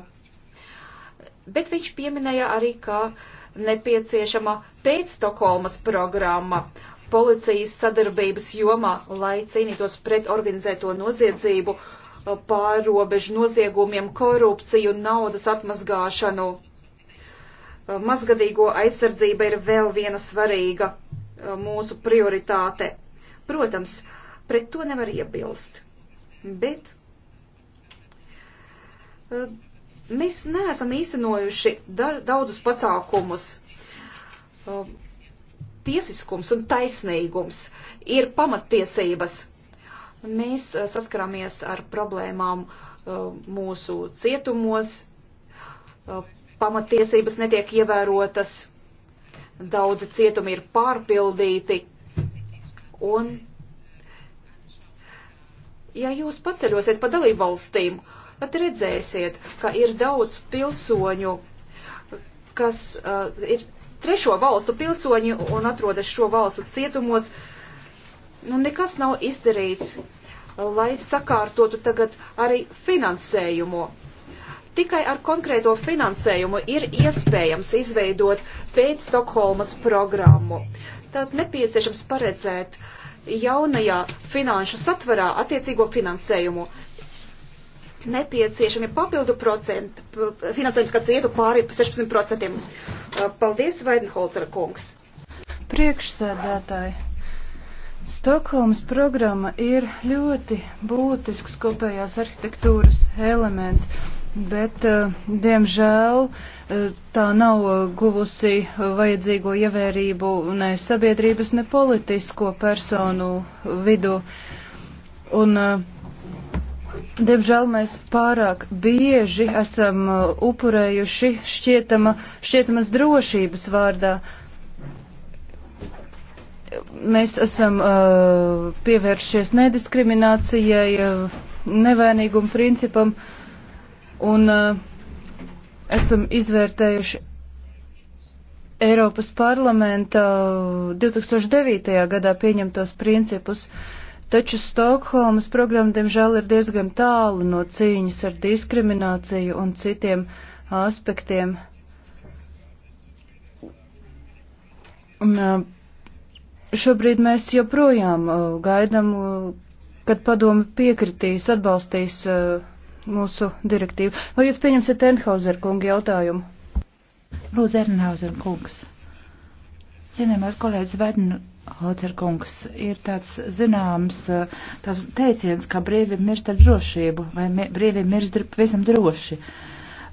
bet viņš pieminēja arī, ka nepieciešama pēcstokholmas programma policijas sadarbības jomā, lai cīnītos pret organizēto noziedzību, uh, pārobežu noziegumiem, korupciju un naudas atmazgāšanu. Mazgadīgo aizsardzība ir vēl viena svarīga uh, mūsu prioritāte. Protams, pret to nevar iebilst, bet uh, mēs neesam īstenojuši daudzus pasākumus. Uh, tiesiskums un taisnīgums ir pamattiesības, Mēs eh, saskaramies ar problēmām eh, mūsu cietumos, eh, pamatiesības netiek ievērotas, daudzi cietumi ir pārpildīti. Un, ja jūs paceļosiet pa dalību valstīm, tad redzēsiet, ka ir daudz pilsoņu, kas uh, ir trešo valstu pilsoņi un atrodas šo valstu cietumos, uh, nu, nekas nav izdarīts, lai sakārtotu tagad arī finansējumu. Tikai ar konkrēto finansējumu ir iespējams izveidot pēc Stokholmas programmu. Tātad nepieciešams paredzēt jaunajā finanšu satverā attiecīgo finansējumu. Nepieciešami papildu procentu finansējums, kad ietu pāri 16%. Paldies, Vaidenholzer kungs. Priekšsēdētāji. Stokholmas programma ir ļoti būtisks kopējās arhitektūras elements, bet, eh, diemžēl, eh, tā nav guvusi vajadzīgo ievērību ne sabiedrības, ne politisko personu vidu. Un, eh, Diemžēl mēs pārāk bieži esam upurējuši šķietama, šķietamas drošības vārdā. Uh, Mēs esam uh, pievēršies nediskriminācijai, uh, nevainīgumu principam un uh, esam izvērtējuši Eiropas parlamenta 2009. gadā pieņemtos principus, taču Stokholmas programma, diemžēl, ir diezgan tālu no cīņas ar diskrimināciju un citiem aspektiem. Un, uh, Šobrīd mēs joprojām uh, gaidam, uh, kad padomi piekritīs, atbalstīs uh, mūsu direktīvu. Vai jūs pieņemsiet Enhauser kungu jautājumu? Lūdzu, Enhauser kungs. Cienējamās kolēģis Vednu Holcerkungs, ir tāds zināms tāds teiciens, ka brīvi mirst ar drošību, vai brīvi mirst pavisam droši.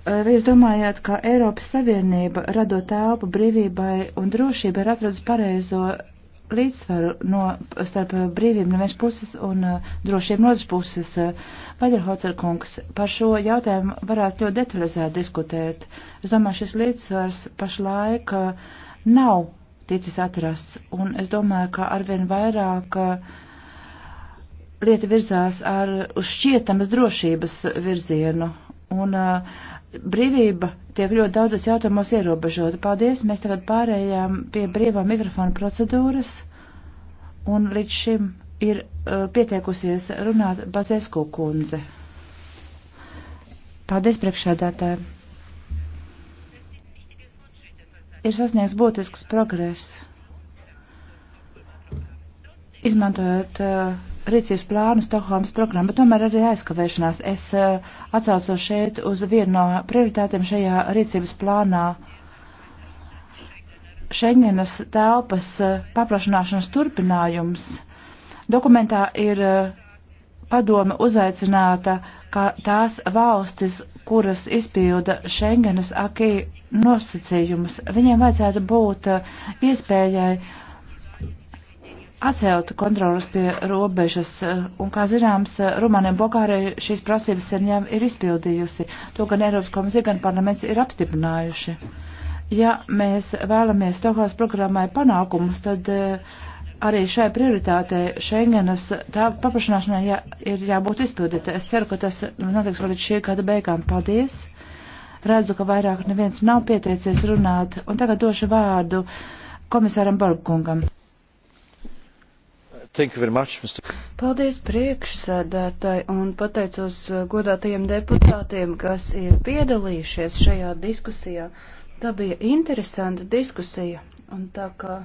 Vai jūs domājāt, ka Eiropas Savienība radot telpu brīvībai un drošībai ir atradus pareizo līdzsvaru no, starp brīviem no vienas puses un uh, drošiem no otras puses. Uh, Vaļerhocer kungs par šo jautājumu varētu ļoti detalizēt diskutēt. Es domāju, šis līdzsvars pašlaik uh, nav ticis atrasts, un es domāju, ka arvien vairāk uh, lieta virzās ar uz šķietamas drošības virzienu. Un, uh, brīvība tiek ļoti daudzas jautājumos ierobežota. Paldies, mēs tagad pārējām pie brīvā mikrofona procedūras, un līdz šim ir uh, pieteikusies runāt Bazēsku kundze. Paldies, priekšsēdētāji. Ir sasniegts būtisks progress. Izmantojot uh, rīcības plānu Stokholmas programmu, bet tomēr arī aizkavēšanās. Es uh, atsaucos šeit uz vienu no prioritātiem šajā rīcības plānā. Šeņenas telpas uh, eh, paplašanāšanas turpinājums. Dokumentā ir uh, padome uzaicināta, ka tās valstis, kuras izpilda Šengenas akī nosacījumus, viņiem vajadzētu būt iespējai atcelt kontrolas pie robežas, un, kā zināms, Rumāniem Bulgārija šīs prasības ir, ņem, ir izpildījusi. To gan Eiropas komisija, gan parlaments ir apstiprinājuši. Ja mēs vēlamies Stokholmas programmai panākumus, tad eh, arī šai prioritātei Schengenas tā paplašanāšanai jā, ir jābūt izpildīta. Es ceru, ka tas notiks līdz šī gada beigām. Paldies! Redzu, ka vairāk neviens nav pieteicies runāt, un tagad došu vārdu komisāram Borgkungam. Much, Paldies priekšsēdētāji un pateicos uh, godātajiem deputātiem, kas ir piedalījušies šajā diskusijā. Tā bija interesanta diskusija, un tā kā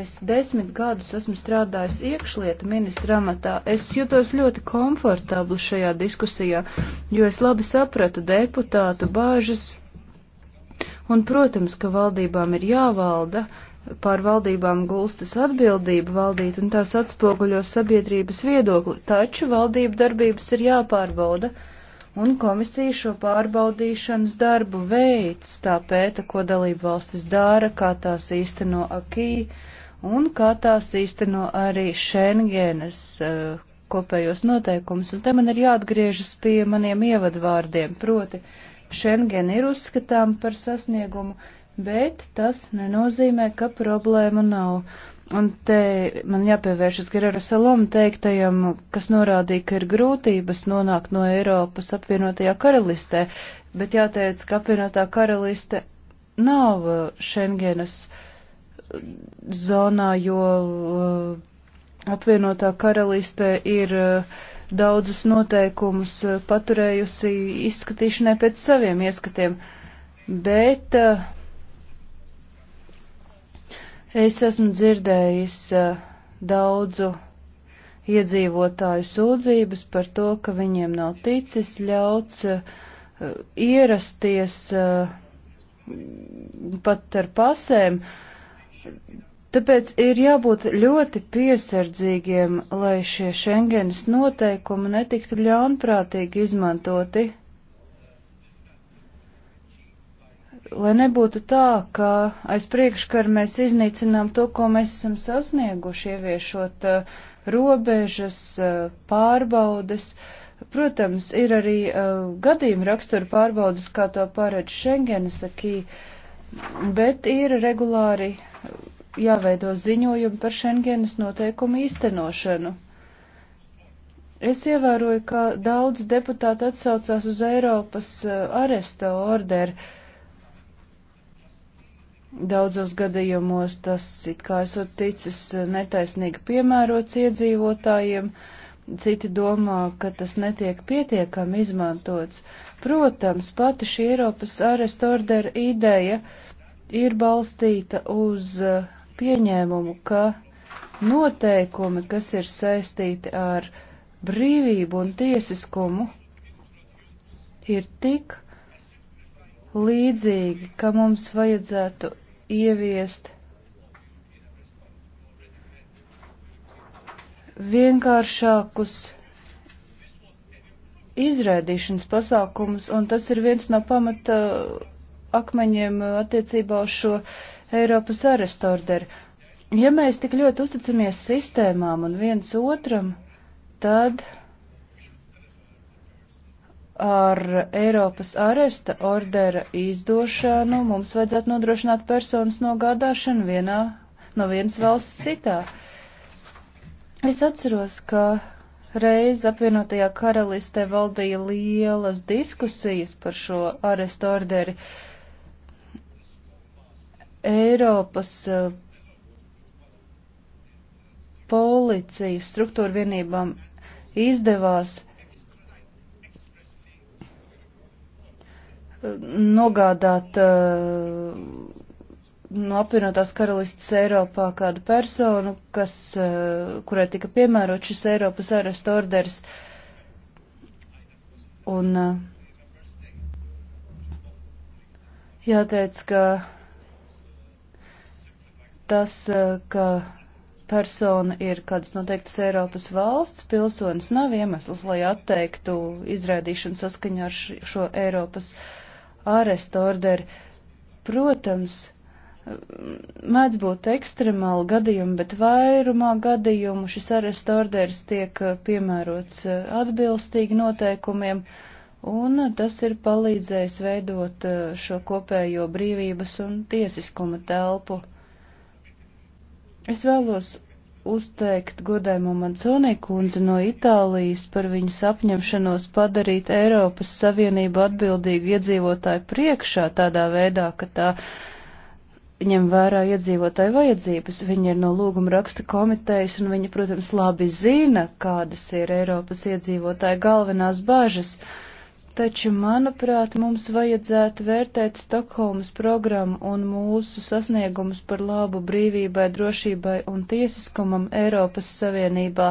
es desmit gadus esmu strādājis iekšlietu ministra amatā, es jutos ļoti komfortabli šajā diskusijā, jo es labi sapratu deputātu bāžas, un, protams, ka valdībām ir jāvalda pār valdībām gulstas atbildība valdīt un tās atspoguļo sabiedrības viedokli, taču valdību darbības ir jāpārbauda, un komisija šo pārbaudīšanas darbu veids, tā pēta, ko dalību valstis dara, kā tās īsteno akī, un kā tās īsteno arī Schengenes uh, kopējos noteikumus, un te man ir jāatgriežas pie maniem ievadvārdiem, proti Schengen ir uzskatām par sasniegumu, bet tas nenozīmē, ka problēma nav. Un te man jāpievēršas Gerera Salom teiktajam, kas norādīja, ka ir grūtības nonākt no Eiropas apvienotajā karalistē, bet jāteic, ka apvienotā karaliste nav uh, Schengenas uh, zonā, jo uh, apvienotā karaliste ir daudzus noteikumus paturējusi izskatīšanai pēc saviem ieskatiem. Bet uh, Es esmu dzirdējis eh, daudzu iedzīvotāju sūdzības par to, ka viņiem nav ticis ļauts eh, ierasties eh, pat ar pasēm. Tāpēc ir jābūt ļoti piesardzīgiem, lai šie Schengenas noteikumi netiktu ļaunprātīgi izmantoti lai nebūtu tā, ka aiz priekškara mēs iznīcinām to, ko mēs esam sasnieguši, ieviešot uh, robežas, uh, pārbaudes. Protams, ir arī uh, gadījuma rakstura pārbaudes, kā to paredz Schengenas akī, bet ir regulāri jāveido ziņojumi par Schengenas noteikumu īstenošanu. Es ievēroju, ka daudz deputāti atsaucās uz Eiropas uh, aresta orderu Daudzos gadījumos tas it kā esot ticis eh, netaisnīgi piemērots iedzīvotājiem, citi domā, ka tas netiek pietiekami izmantots. Protams, pati šī Eiropas arestu ordera ideja ir balstīta uz eh, pieņēmumu, ka noteikumi, kas ir saistīti ar brīvību un tiesiskumu, ir tik līdzīgi, ka mums vajadzētu ieviest vienkāršākus izrēdīšanas pasākumus, un tas ir viens no pamata uh, akmeņiem uh, attiecībā uz šo Eiropas arestu orderi. Ja mēs tik ļoti uzticamies sistēmām un viens otram, tad ar Eiropas aresta ordera izdošanu mums vajadzētu nodrošināt personas nogādāšanu vienā no vienas valsts citā. Es atceros, ka reiz apvienotajā karalistē valdīja lielas diskusijas par šo aresta orderi. Eiropas eh, policijas struktūra vienībām izdevās nogādāt eh, no apvienotās karalistes Eiropā kādu personu, kas, eh, kurai tika piemērot šis Eiropas arestu orders. Un eh, jāteic, ka tas, ka persona ir kādas noteiktas Eiropas valsts pilsonis, nav iemesls, lai atteiktu izrādīšanu saskaņā ar šo Eiropas uh, ārestu orderi. Protams, mēdz būt ekstremāli gadījumi, bet vairumā gadījumu šis arestu orders tiek eh, piemērots eh, atbilstīgi noteikumiem, un tas ir palīdzējis veidot eh, šo kopējo brīvības un tiesiskuma telpu. Es vēlos uzteikt godējumu Manconi kundzi no Itālijas par viņas apņemšanos padarīt Eiropas Savienību atbildīgu iedzīvotāju priekšā tādā veidā, ka tā ņem vērā iedzīvotāju vajadzības. Viņa ir no lūguma raksta komitejas un viņa, protams, labi zina, kādas ir Eiropas iedzīvotāju galvenās bāžas. Uh, Taču, manuprāt, mums vajadzētu vērtēt Stokholmas programmu un mūsu sasniegumus par labu brīvībai, drošībai un tiesiskumam Eiropas Savienībā.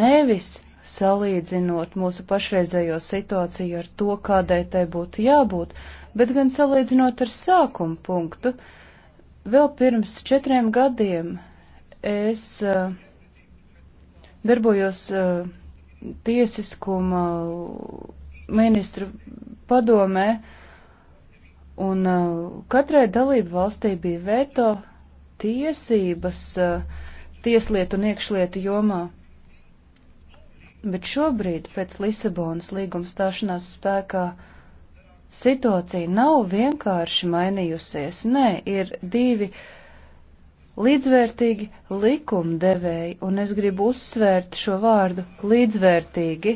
Nevis salīdzinot mūsu pašreizējo situāciju ar to, kādai tai būtu jābūt, bet gan salīdzinot ar sākumu punktu. Vēl pirms četriem gadiem es uh, darbojos uh, tiesiskuma ministru padomē, un uh, katrai dalību valstī bija veto tiesības uh, tieslietu un iekšlietu jomā. Bet šobrīd, pēc Lisabonas līguma stāšanās spēkā, situācija nav vienkārši mainījusies. Nē, ir divi uh, līdzvērtīgi likumdevēji, un es gribu uzsvērt šo vārdu līdzvērtīgi.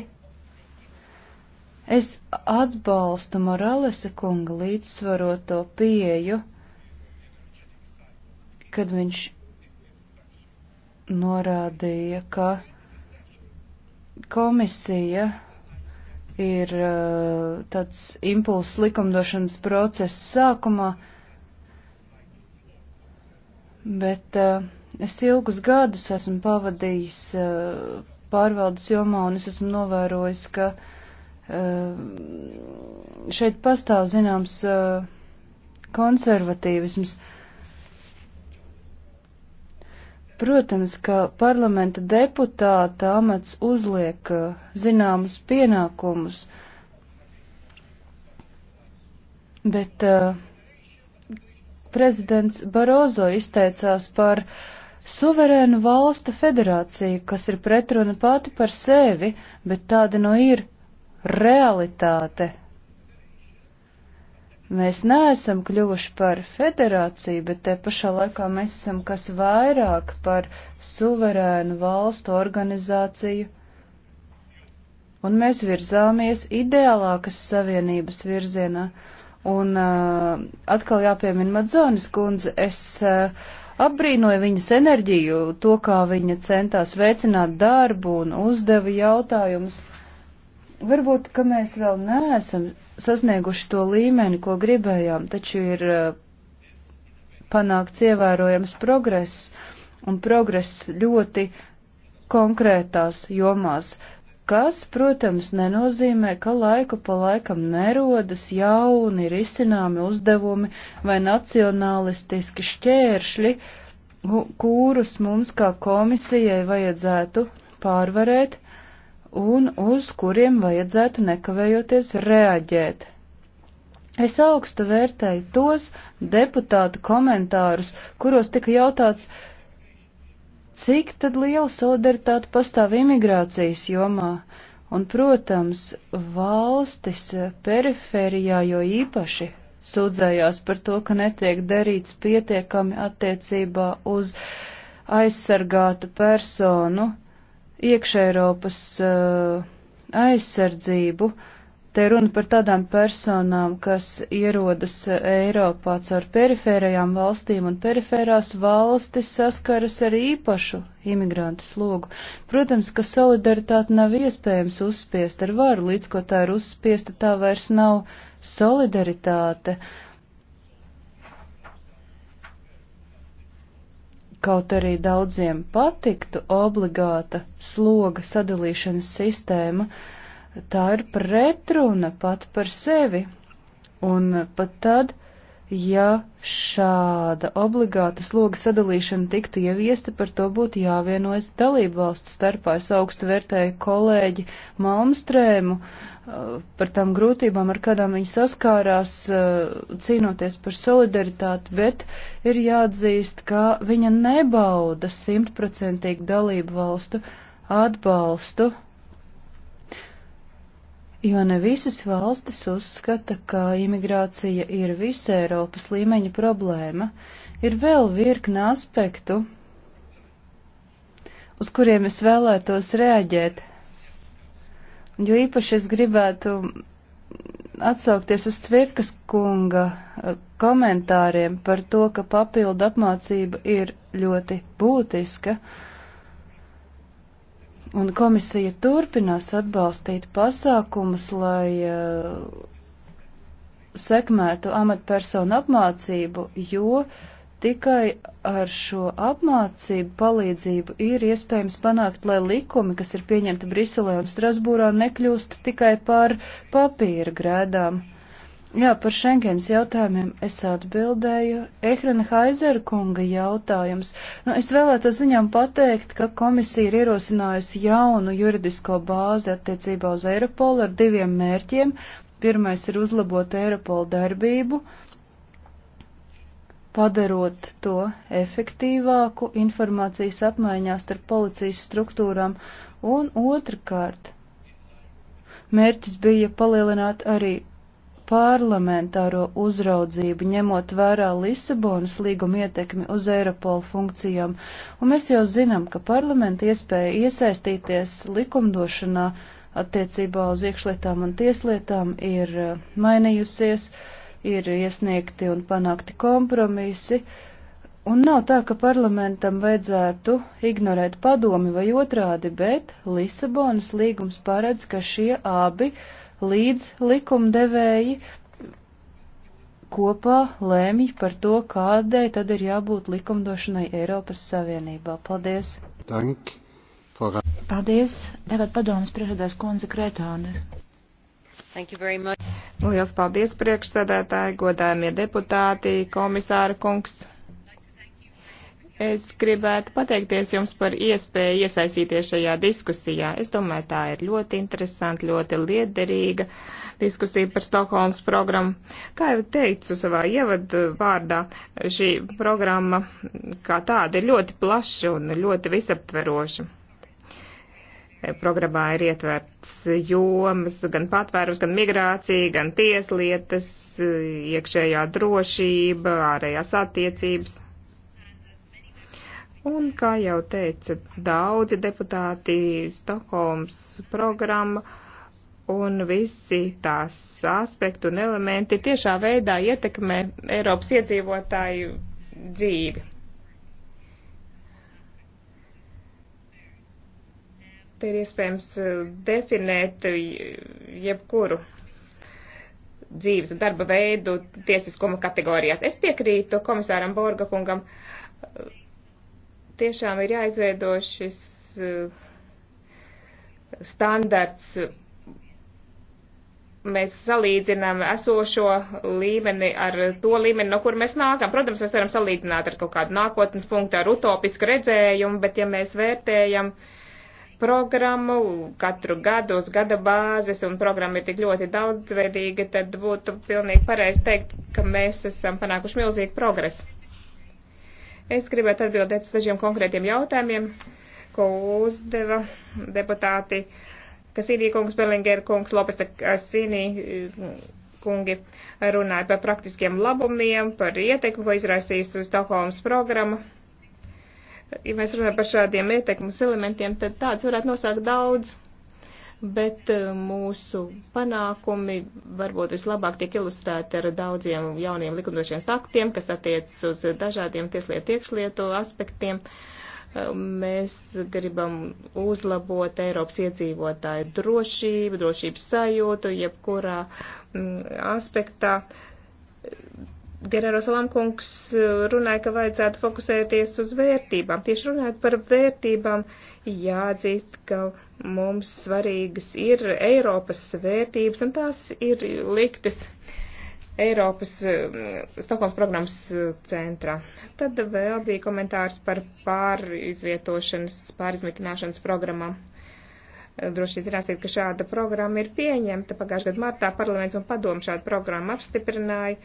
Es atbalstu Moralesa kunga līdzsvaroto pieju, kad viņš norādīja, ka komisija ir uh, tāds impulss likumdošanas procesa sākumā, uh, bet uh, es ilgus gadus esmu pavadījis uh, pārvaldes jomā un es esmu novērojis, ka uh, šeit pastāv zināms uh, konservatīvisms. Protams, ka parlamenta deputāta amats uzliek uh, zināmus pienākumus, bet uh, prezidents Barozo izteicās par suverēnu valstu federāciju, kas ir pretruna pati par sevi, bet tāda nu ir realitāte. Mēs neesam kļuvuši par federāciju, bet te pašā laikā mēs esam kas vairāk par suverēnu valstu organizāciju. Un mēs virzāmies ideālākas savienības virzienā. Uh, Un uh, atkal jāpiemina Madzonis kundze, es uh, apbrīnoju viņas enerģiju, to, kā viņa centās veicināt darbu un uzdeva jautājumus. Varbūt, ka mēs vēl neesam sasnieguši to līmeni, ko gribējām, taču ir uh, panākts ievērojams progress, un progress ļoti konkrētās jomās. Uh, kas, protams, nenozīmē, ka laiku pa laikam nerodas jauni risināmi uzdevumi vai nacionalistiski šķēršļi, kurus mums kā komisijai vajadzētu pārvarēt un uz kuriem vajadzētu nekavējoties reaģēt. Es augstu vērtēju tos deputātu komentārus, kuros tika jautāts, uh, Cik tad liela solidaritāte pastāv imigrācijas jomā? Un, protams, valstis periferijā jo īpaši sūdzējās par to, ka netiek darīts pietiekami attiecībā uz aizsargātu personu iekšēropas uh, eh, aizsardzību. Uh, Te runa par tādām personām, kas ierodas eh, Eiropā caur perifērajām valstīm, un perifērās valstis saskaras ar īpašu imigrantu slogu. Protams, ka solidaritāte nav iespējams uzspiest ar varu, līdz ko tā ir uzspiesta, tā vairs nav solidaritāte. Kaut arī daudziem patiktu obligāta sloga sadalīšanas sistēma, uh, tā ir pretruna pat par sevi. Un pat tad, ja šāda obligāta sloga sadalīšana tiktu ieviesta, par to būtu jāvienojas dalību valstu starpā. Es augstu vērtēju kolēģi Malmstrēmu uh, par tām grūtībām, ar kādām viņi saskārās uh, cīnoties par solidaritāti, bet ir jāatzīst, ka viņa nebauda simtprocentīgu dalību valstu atbalstu jo ne visas valstis uzskata, ka imigrācija ir visa Eiropas līmeņa problēma. Ir vēl virkna aspektu, uz kuriem es vēlētos reaģēt, jo īpaši es gribētu atsaukties uz Cvirkas kunga eh, komentāriem par to, ka papildu apmācība ir ļoti būtiska. Uh, Un komisija turpinās atbalstīt pasākumus, lai uh, sekmētu amatpersonu apmācību, jo tikai ar šo apmācību palīdzību ir iespējams panākt, lai likumi, kas ir pieņemti Briselē un Strasbūrā, nekļūst tikai par papīra grēdām. Uh, Jā, par Schengens jautājumiem es atbildēju. Ehrena Haizera kunga jautājums. Nu, es vēlētos viņam pateikt, ka komisija ir ierosinājusi jaunu juridisko bāzi attiecībā uz Eiropolu ar diviem mērķiem. Pirmais ir uzlabot Eiropola darbību, padarot to efektīvāku informācijas apmaiņā starp policijas struktūrām, un otrkārt mērķis bija palielināt arī parlamentāro uzraudzību, ņemot vērā Lisabonas līguma ietekmi uz Eiropola funkcijām, un mēs jau zinām, ka parlamenta iespēja iesaistīties likumdošanā attiecībā uz iekšlietām un tieslietām ir eh, mainījusies, ir iesniegti un panākti kompromisi, un nav tā, ka parlamentam vajadzētu ignorēt padomi vai otrādi, bet Lisabonas līgums paredz, ka šie abi līdz likumdevēji kopā lēmj par to, kādai tad ir jābūt likumdošanai Eiropas Savienībā. Paldies! Dank. Paldies! Tagad padomas priekšsēdētājs Konze Kretāne. Lielas paldies priekšsēdētāji, godājumie deputāti, komisāra kungs! Es gribētu pateikties jums par iespēju iesaistīties šajā diskusijā. Es domāju, tā ir ļoti interesanta, ļoti liederīga diskusija par Stokholmas programmu. Kā jau teicu savā ievadu vārdā, šī programma kā tāda ir ļoti plaša un ļoti visaptveroša. Programmā ir ietverts jomas gan patvērums, gan migrācija, gan tieslietas, iekšējā drošība, ārējās attiecības Un, kā jau teica daudzi deputāti, Stokholms programma un visi tās aspekti un elementi tiešā veidā ietekmē Eiropas iedzīvotāju dzīvi. Te ir iespējams eh, definēt eh, jebkuru dzīves un darba veidu tiesiskuma kategorijās. Es piekrītu komisāram Borga kungam tiešām ir jāizveido šis eh, standarts. Mēs salīdzinām esošo līmeni ar to līmeni, no kur mēs nākam. Protams, mēs varam salīdzināt ar kaut kādu nākotnes punktu, ar utopisku redzējumu, bet ja mēs vērtējam programmu katru gadu uz gada bāzes un programma ir tik ļoti daudzveidīga, tad būtu pilnīgi pareizi teikt, ka mēs esam panākuši milzīgu progresu. Es gribētu atbildēt uz dažiem konkrētiem jautājumiem, ko uzdeva deputāti Kasīnī kungs, Belingēra kungs, Lopes Kasīnī mm, kungi runāja par praktiskiem labumiem, par ietekmi, ko izraisīs uz Stokholmas programmu. Ja mēs runājam par šādiem ietekmes elementiem, tad tāds varētu nosākt daudz bet eh, mūsu panākumi varbūt vislabāk tiek ilustrēti ar daudziem jauniem likumdošanas aktiem, kas attiecas uz dažādiem tieslietu iekšlietu aspektiem. Eh, mēs gribam uzlabot Eiropas iedzīvotāju drošību, drošības sajūtu, jebkurā mm, aspektā Gerāros Lamkungs eh, runāja, ka vajadzētu fokusēties uz vērtībām. Tieši runājot par vērtībām, jāatzīst, ka mums svarīgas ir Eiropas vērtības, un tās ir liktas Eiropas eh, Stokholmas programmas eh, centrā. Tad vēl bija komentārs par pārizvietošanas, pārizmitināšanas programmām. Droši vien zināsiet, ka šāda programma ir pieņemta. Pagājušajā gadā martā parlaments un padomu šādu programmu apstiprināja.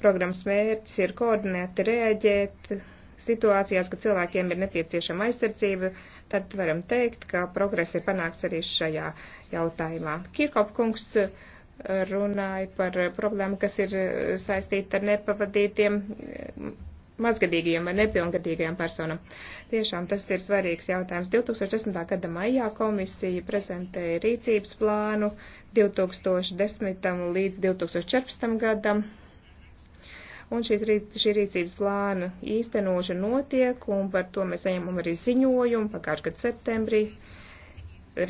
Programmas mērķis ir koordinēti rēģēt situācijās, kad cilvēkiem ir nepieciešama aizsardzība, tad varam teikt, ka progress ir panāks arī šajā jautājumā. Kirkop kungs eh, runāja par problēmu, kas ir eh, saistīta ar nepavadītiem mazgadīgajiem vai nepilngadīgajiem personam. Tiešām tas ir svarīgs jautājums. 2010. gada maijā komisija prezentēja rīcības plānu 2010. līdz 2014. gadam. Un šīs, šī rīcības plāna īstenošana notiek, un par to mēs saņemam arī ziņojumu pagājušajā gadā septembrī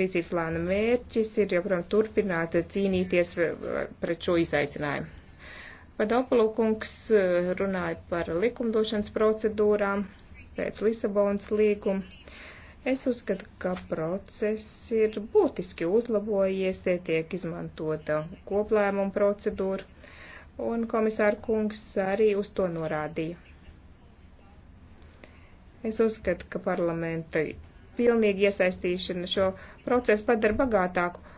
rīcības plāna mērķis ir joprojām turpināt cīnīties pret šo izaicinājumu. Padopulukungs eh, runāja par likumdošanas procedūrām pēc Lisabonas līguma. Es uzskatu, ka process ir būtiski uzlabojies, te tiek izmantota koplēmuma procedūra, un komisāra kungs arī uz to norādīja. Es uzskatu, ka parlamenta pilnīgi iesaistīšana šo procesu padara bagātāku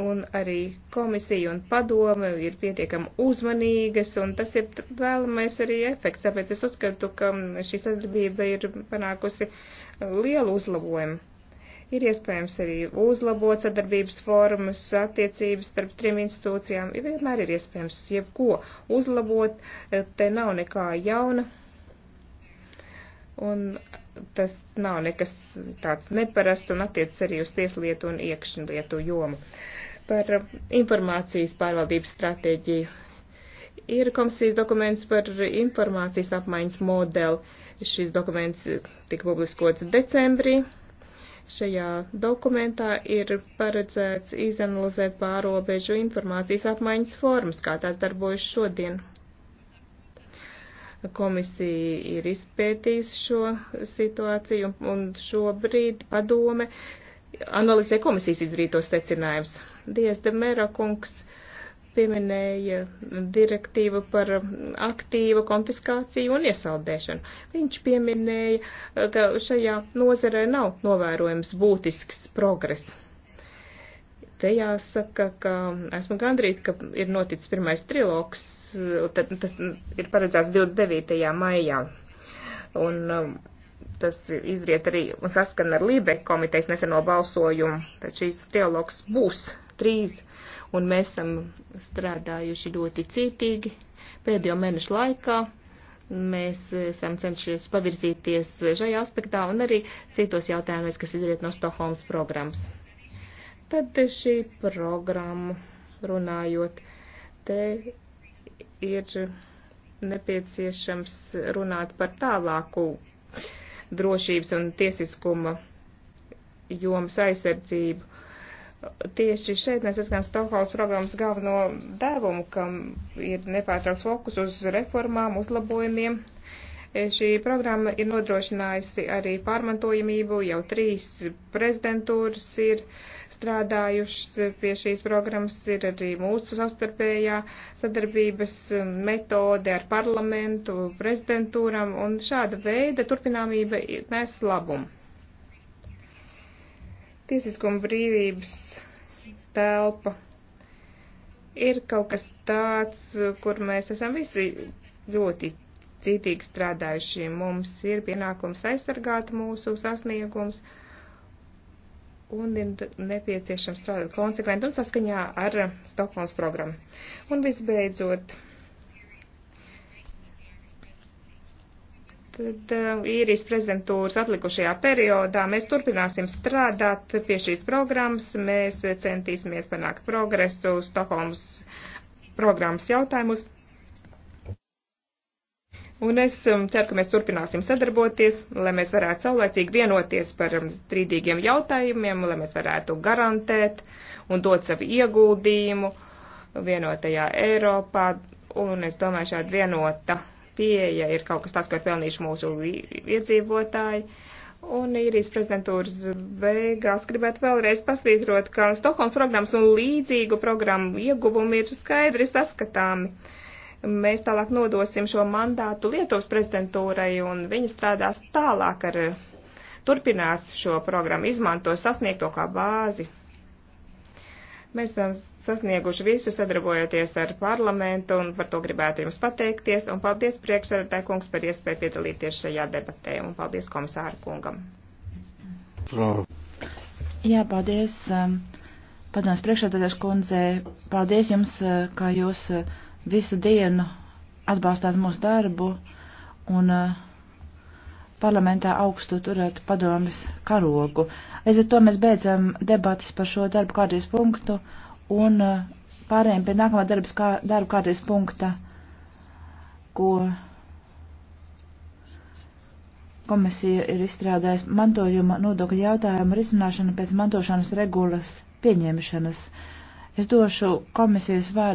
un arī komisija un padome ir pietiekami uzmanīgas, un tas ir vēlamais arī efekts. Tāpēc es uzskatu, ka šī sadarbība ir panākusi lielu uzlabojumu. Ir iespējams arī uzlabot sadarbības formas, attiecības starp trim institūcijām. Ir vienmēr ir iespējams jebko uzlabot, te nav nekā jauna. Un tas nav nekas tāds neparasts un attiecas arī uz tieslietu un iekšlietu jomu. Par informācijas pārvaldības stratēģiju. Ir komisijas dokuments par informācijas apmaiņas modeli. Šis dokuments tika publiskots decembrī. Šajā dokumentā ir paredzēts izanalizēt pārobežu informācijas apmaiņas formas, kā tās darbojas šodien. Komisija ir izpētījusi šo situāciju un šobrīd padome analizē komisijas izdarītos secinājumus. Dievs de Mera kungs pieminēja direktīvu par aktīvu konfiskāciju un iesaldēšanu. Viņš pieminēja, ka šajā nozarē nav novērojams būtisks progress Te jāsaka, ka esmu gandrīz, ka ir noticis pirmais trilogs, tad tas ir paredzēts 29. maijā. Un um, tas izriet arī un saskana ar Lībe komitejas neseno balsojumu. Tad šīs trilogs būs trīs, un mēs esam strādājuši ļoti cītīgi pēdējo mēnešu laikā. Mēs esam cenšies pavirzīties šajā aspektā un arī citos jautājumos, kas izriet no Stokholmas programmas. Tad šī programma runājot, te ir nepieciešams runāt par tālāku drošības un tiesiskuma jomas aizsardzību. Tieši šeit mēs esam Stokholmas programmas galveno devumu, kam ir nepārtraukts fokus uz reformām, uzlabojumiem, E, šī programma ir nodrošinājusi arī pārmantojamību, jau trīs prezidentūras ir strādājušas pie šīs programmas, ir arī mūsu savstarpējā sadarbības metode ar parlamentu, prezidentūram, un šāda veida turpināmība nes labumu. Tiesiskuma brīvības telpa ir kaut kas tāds, kur mēs esam visi ļoti cītīgi strādājuši. Mums ir pienākums aizsargāt mūsu sasniegums un ir nepieciešams strādāt konsekventi un saskaņā ar Stokholmas programmu. Un visbeidzot, tad uh, īrijas prezidentūras atlikušajā periodā mēs turpināsim strādāt pie šīs programmas, mēs centīsimies panākt progresu Stokholmas programmas jautājumus. Un es um, ceru, ka mēs turpināsim sadarboties, lai mēs varētu saulēcīgi vienoties par um, strīdīgiem jautājumiem, lai mēs varētu garantēt un dot savu ieguldījumu vienotajā Eiropā. Un es domāju, šāda vienota pieeja ir kaut kas tāds, ko ir pelnījuši mūsu iedzīvotāji. Un īrijas prezidentūras beigās gribētu vēlreiz pasvītrot, ka Stokholmas programmas un līdzīgu programmu ieguvumi ir skaidri saskatāmi Mēs tālāk nodosim šo mandātu Lietuvas prezidentūrai, un viņi strādās tālāk ar, turpinās šo programmu, izmanto sasniegto kā bāzi. Mēs esam sasnieguši visu, sadarbojoties ar parlamentu, un par to gribētu jums pateikties, un paldies priekšsēdētāju kungs par iespēju piedalīties šajā debatē, un paldies komisāru kungam. Jā, paldies. Um, padoms priekšsēdētājs kundze, paldies jums, uh, kā jūs. Uh, visu dienu atbalstāt mūsu darbu un uh, parlamentā augstu turēt padomis karogu. Līdz ar to mēs beidzam debatas par šo darbu kārtības punktu un uh, pārējiem pie nākamā darbas kā, darbu kārtības punkta, ko komisija ir izstrādājusi mantojuma nodokļu jautājumu risināšanu pēc mantošanas regulas pieņemšanas. Es došu komisijas vārdu.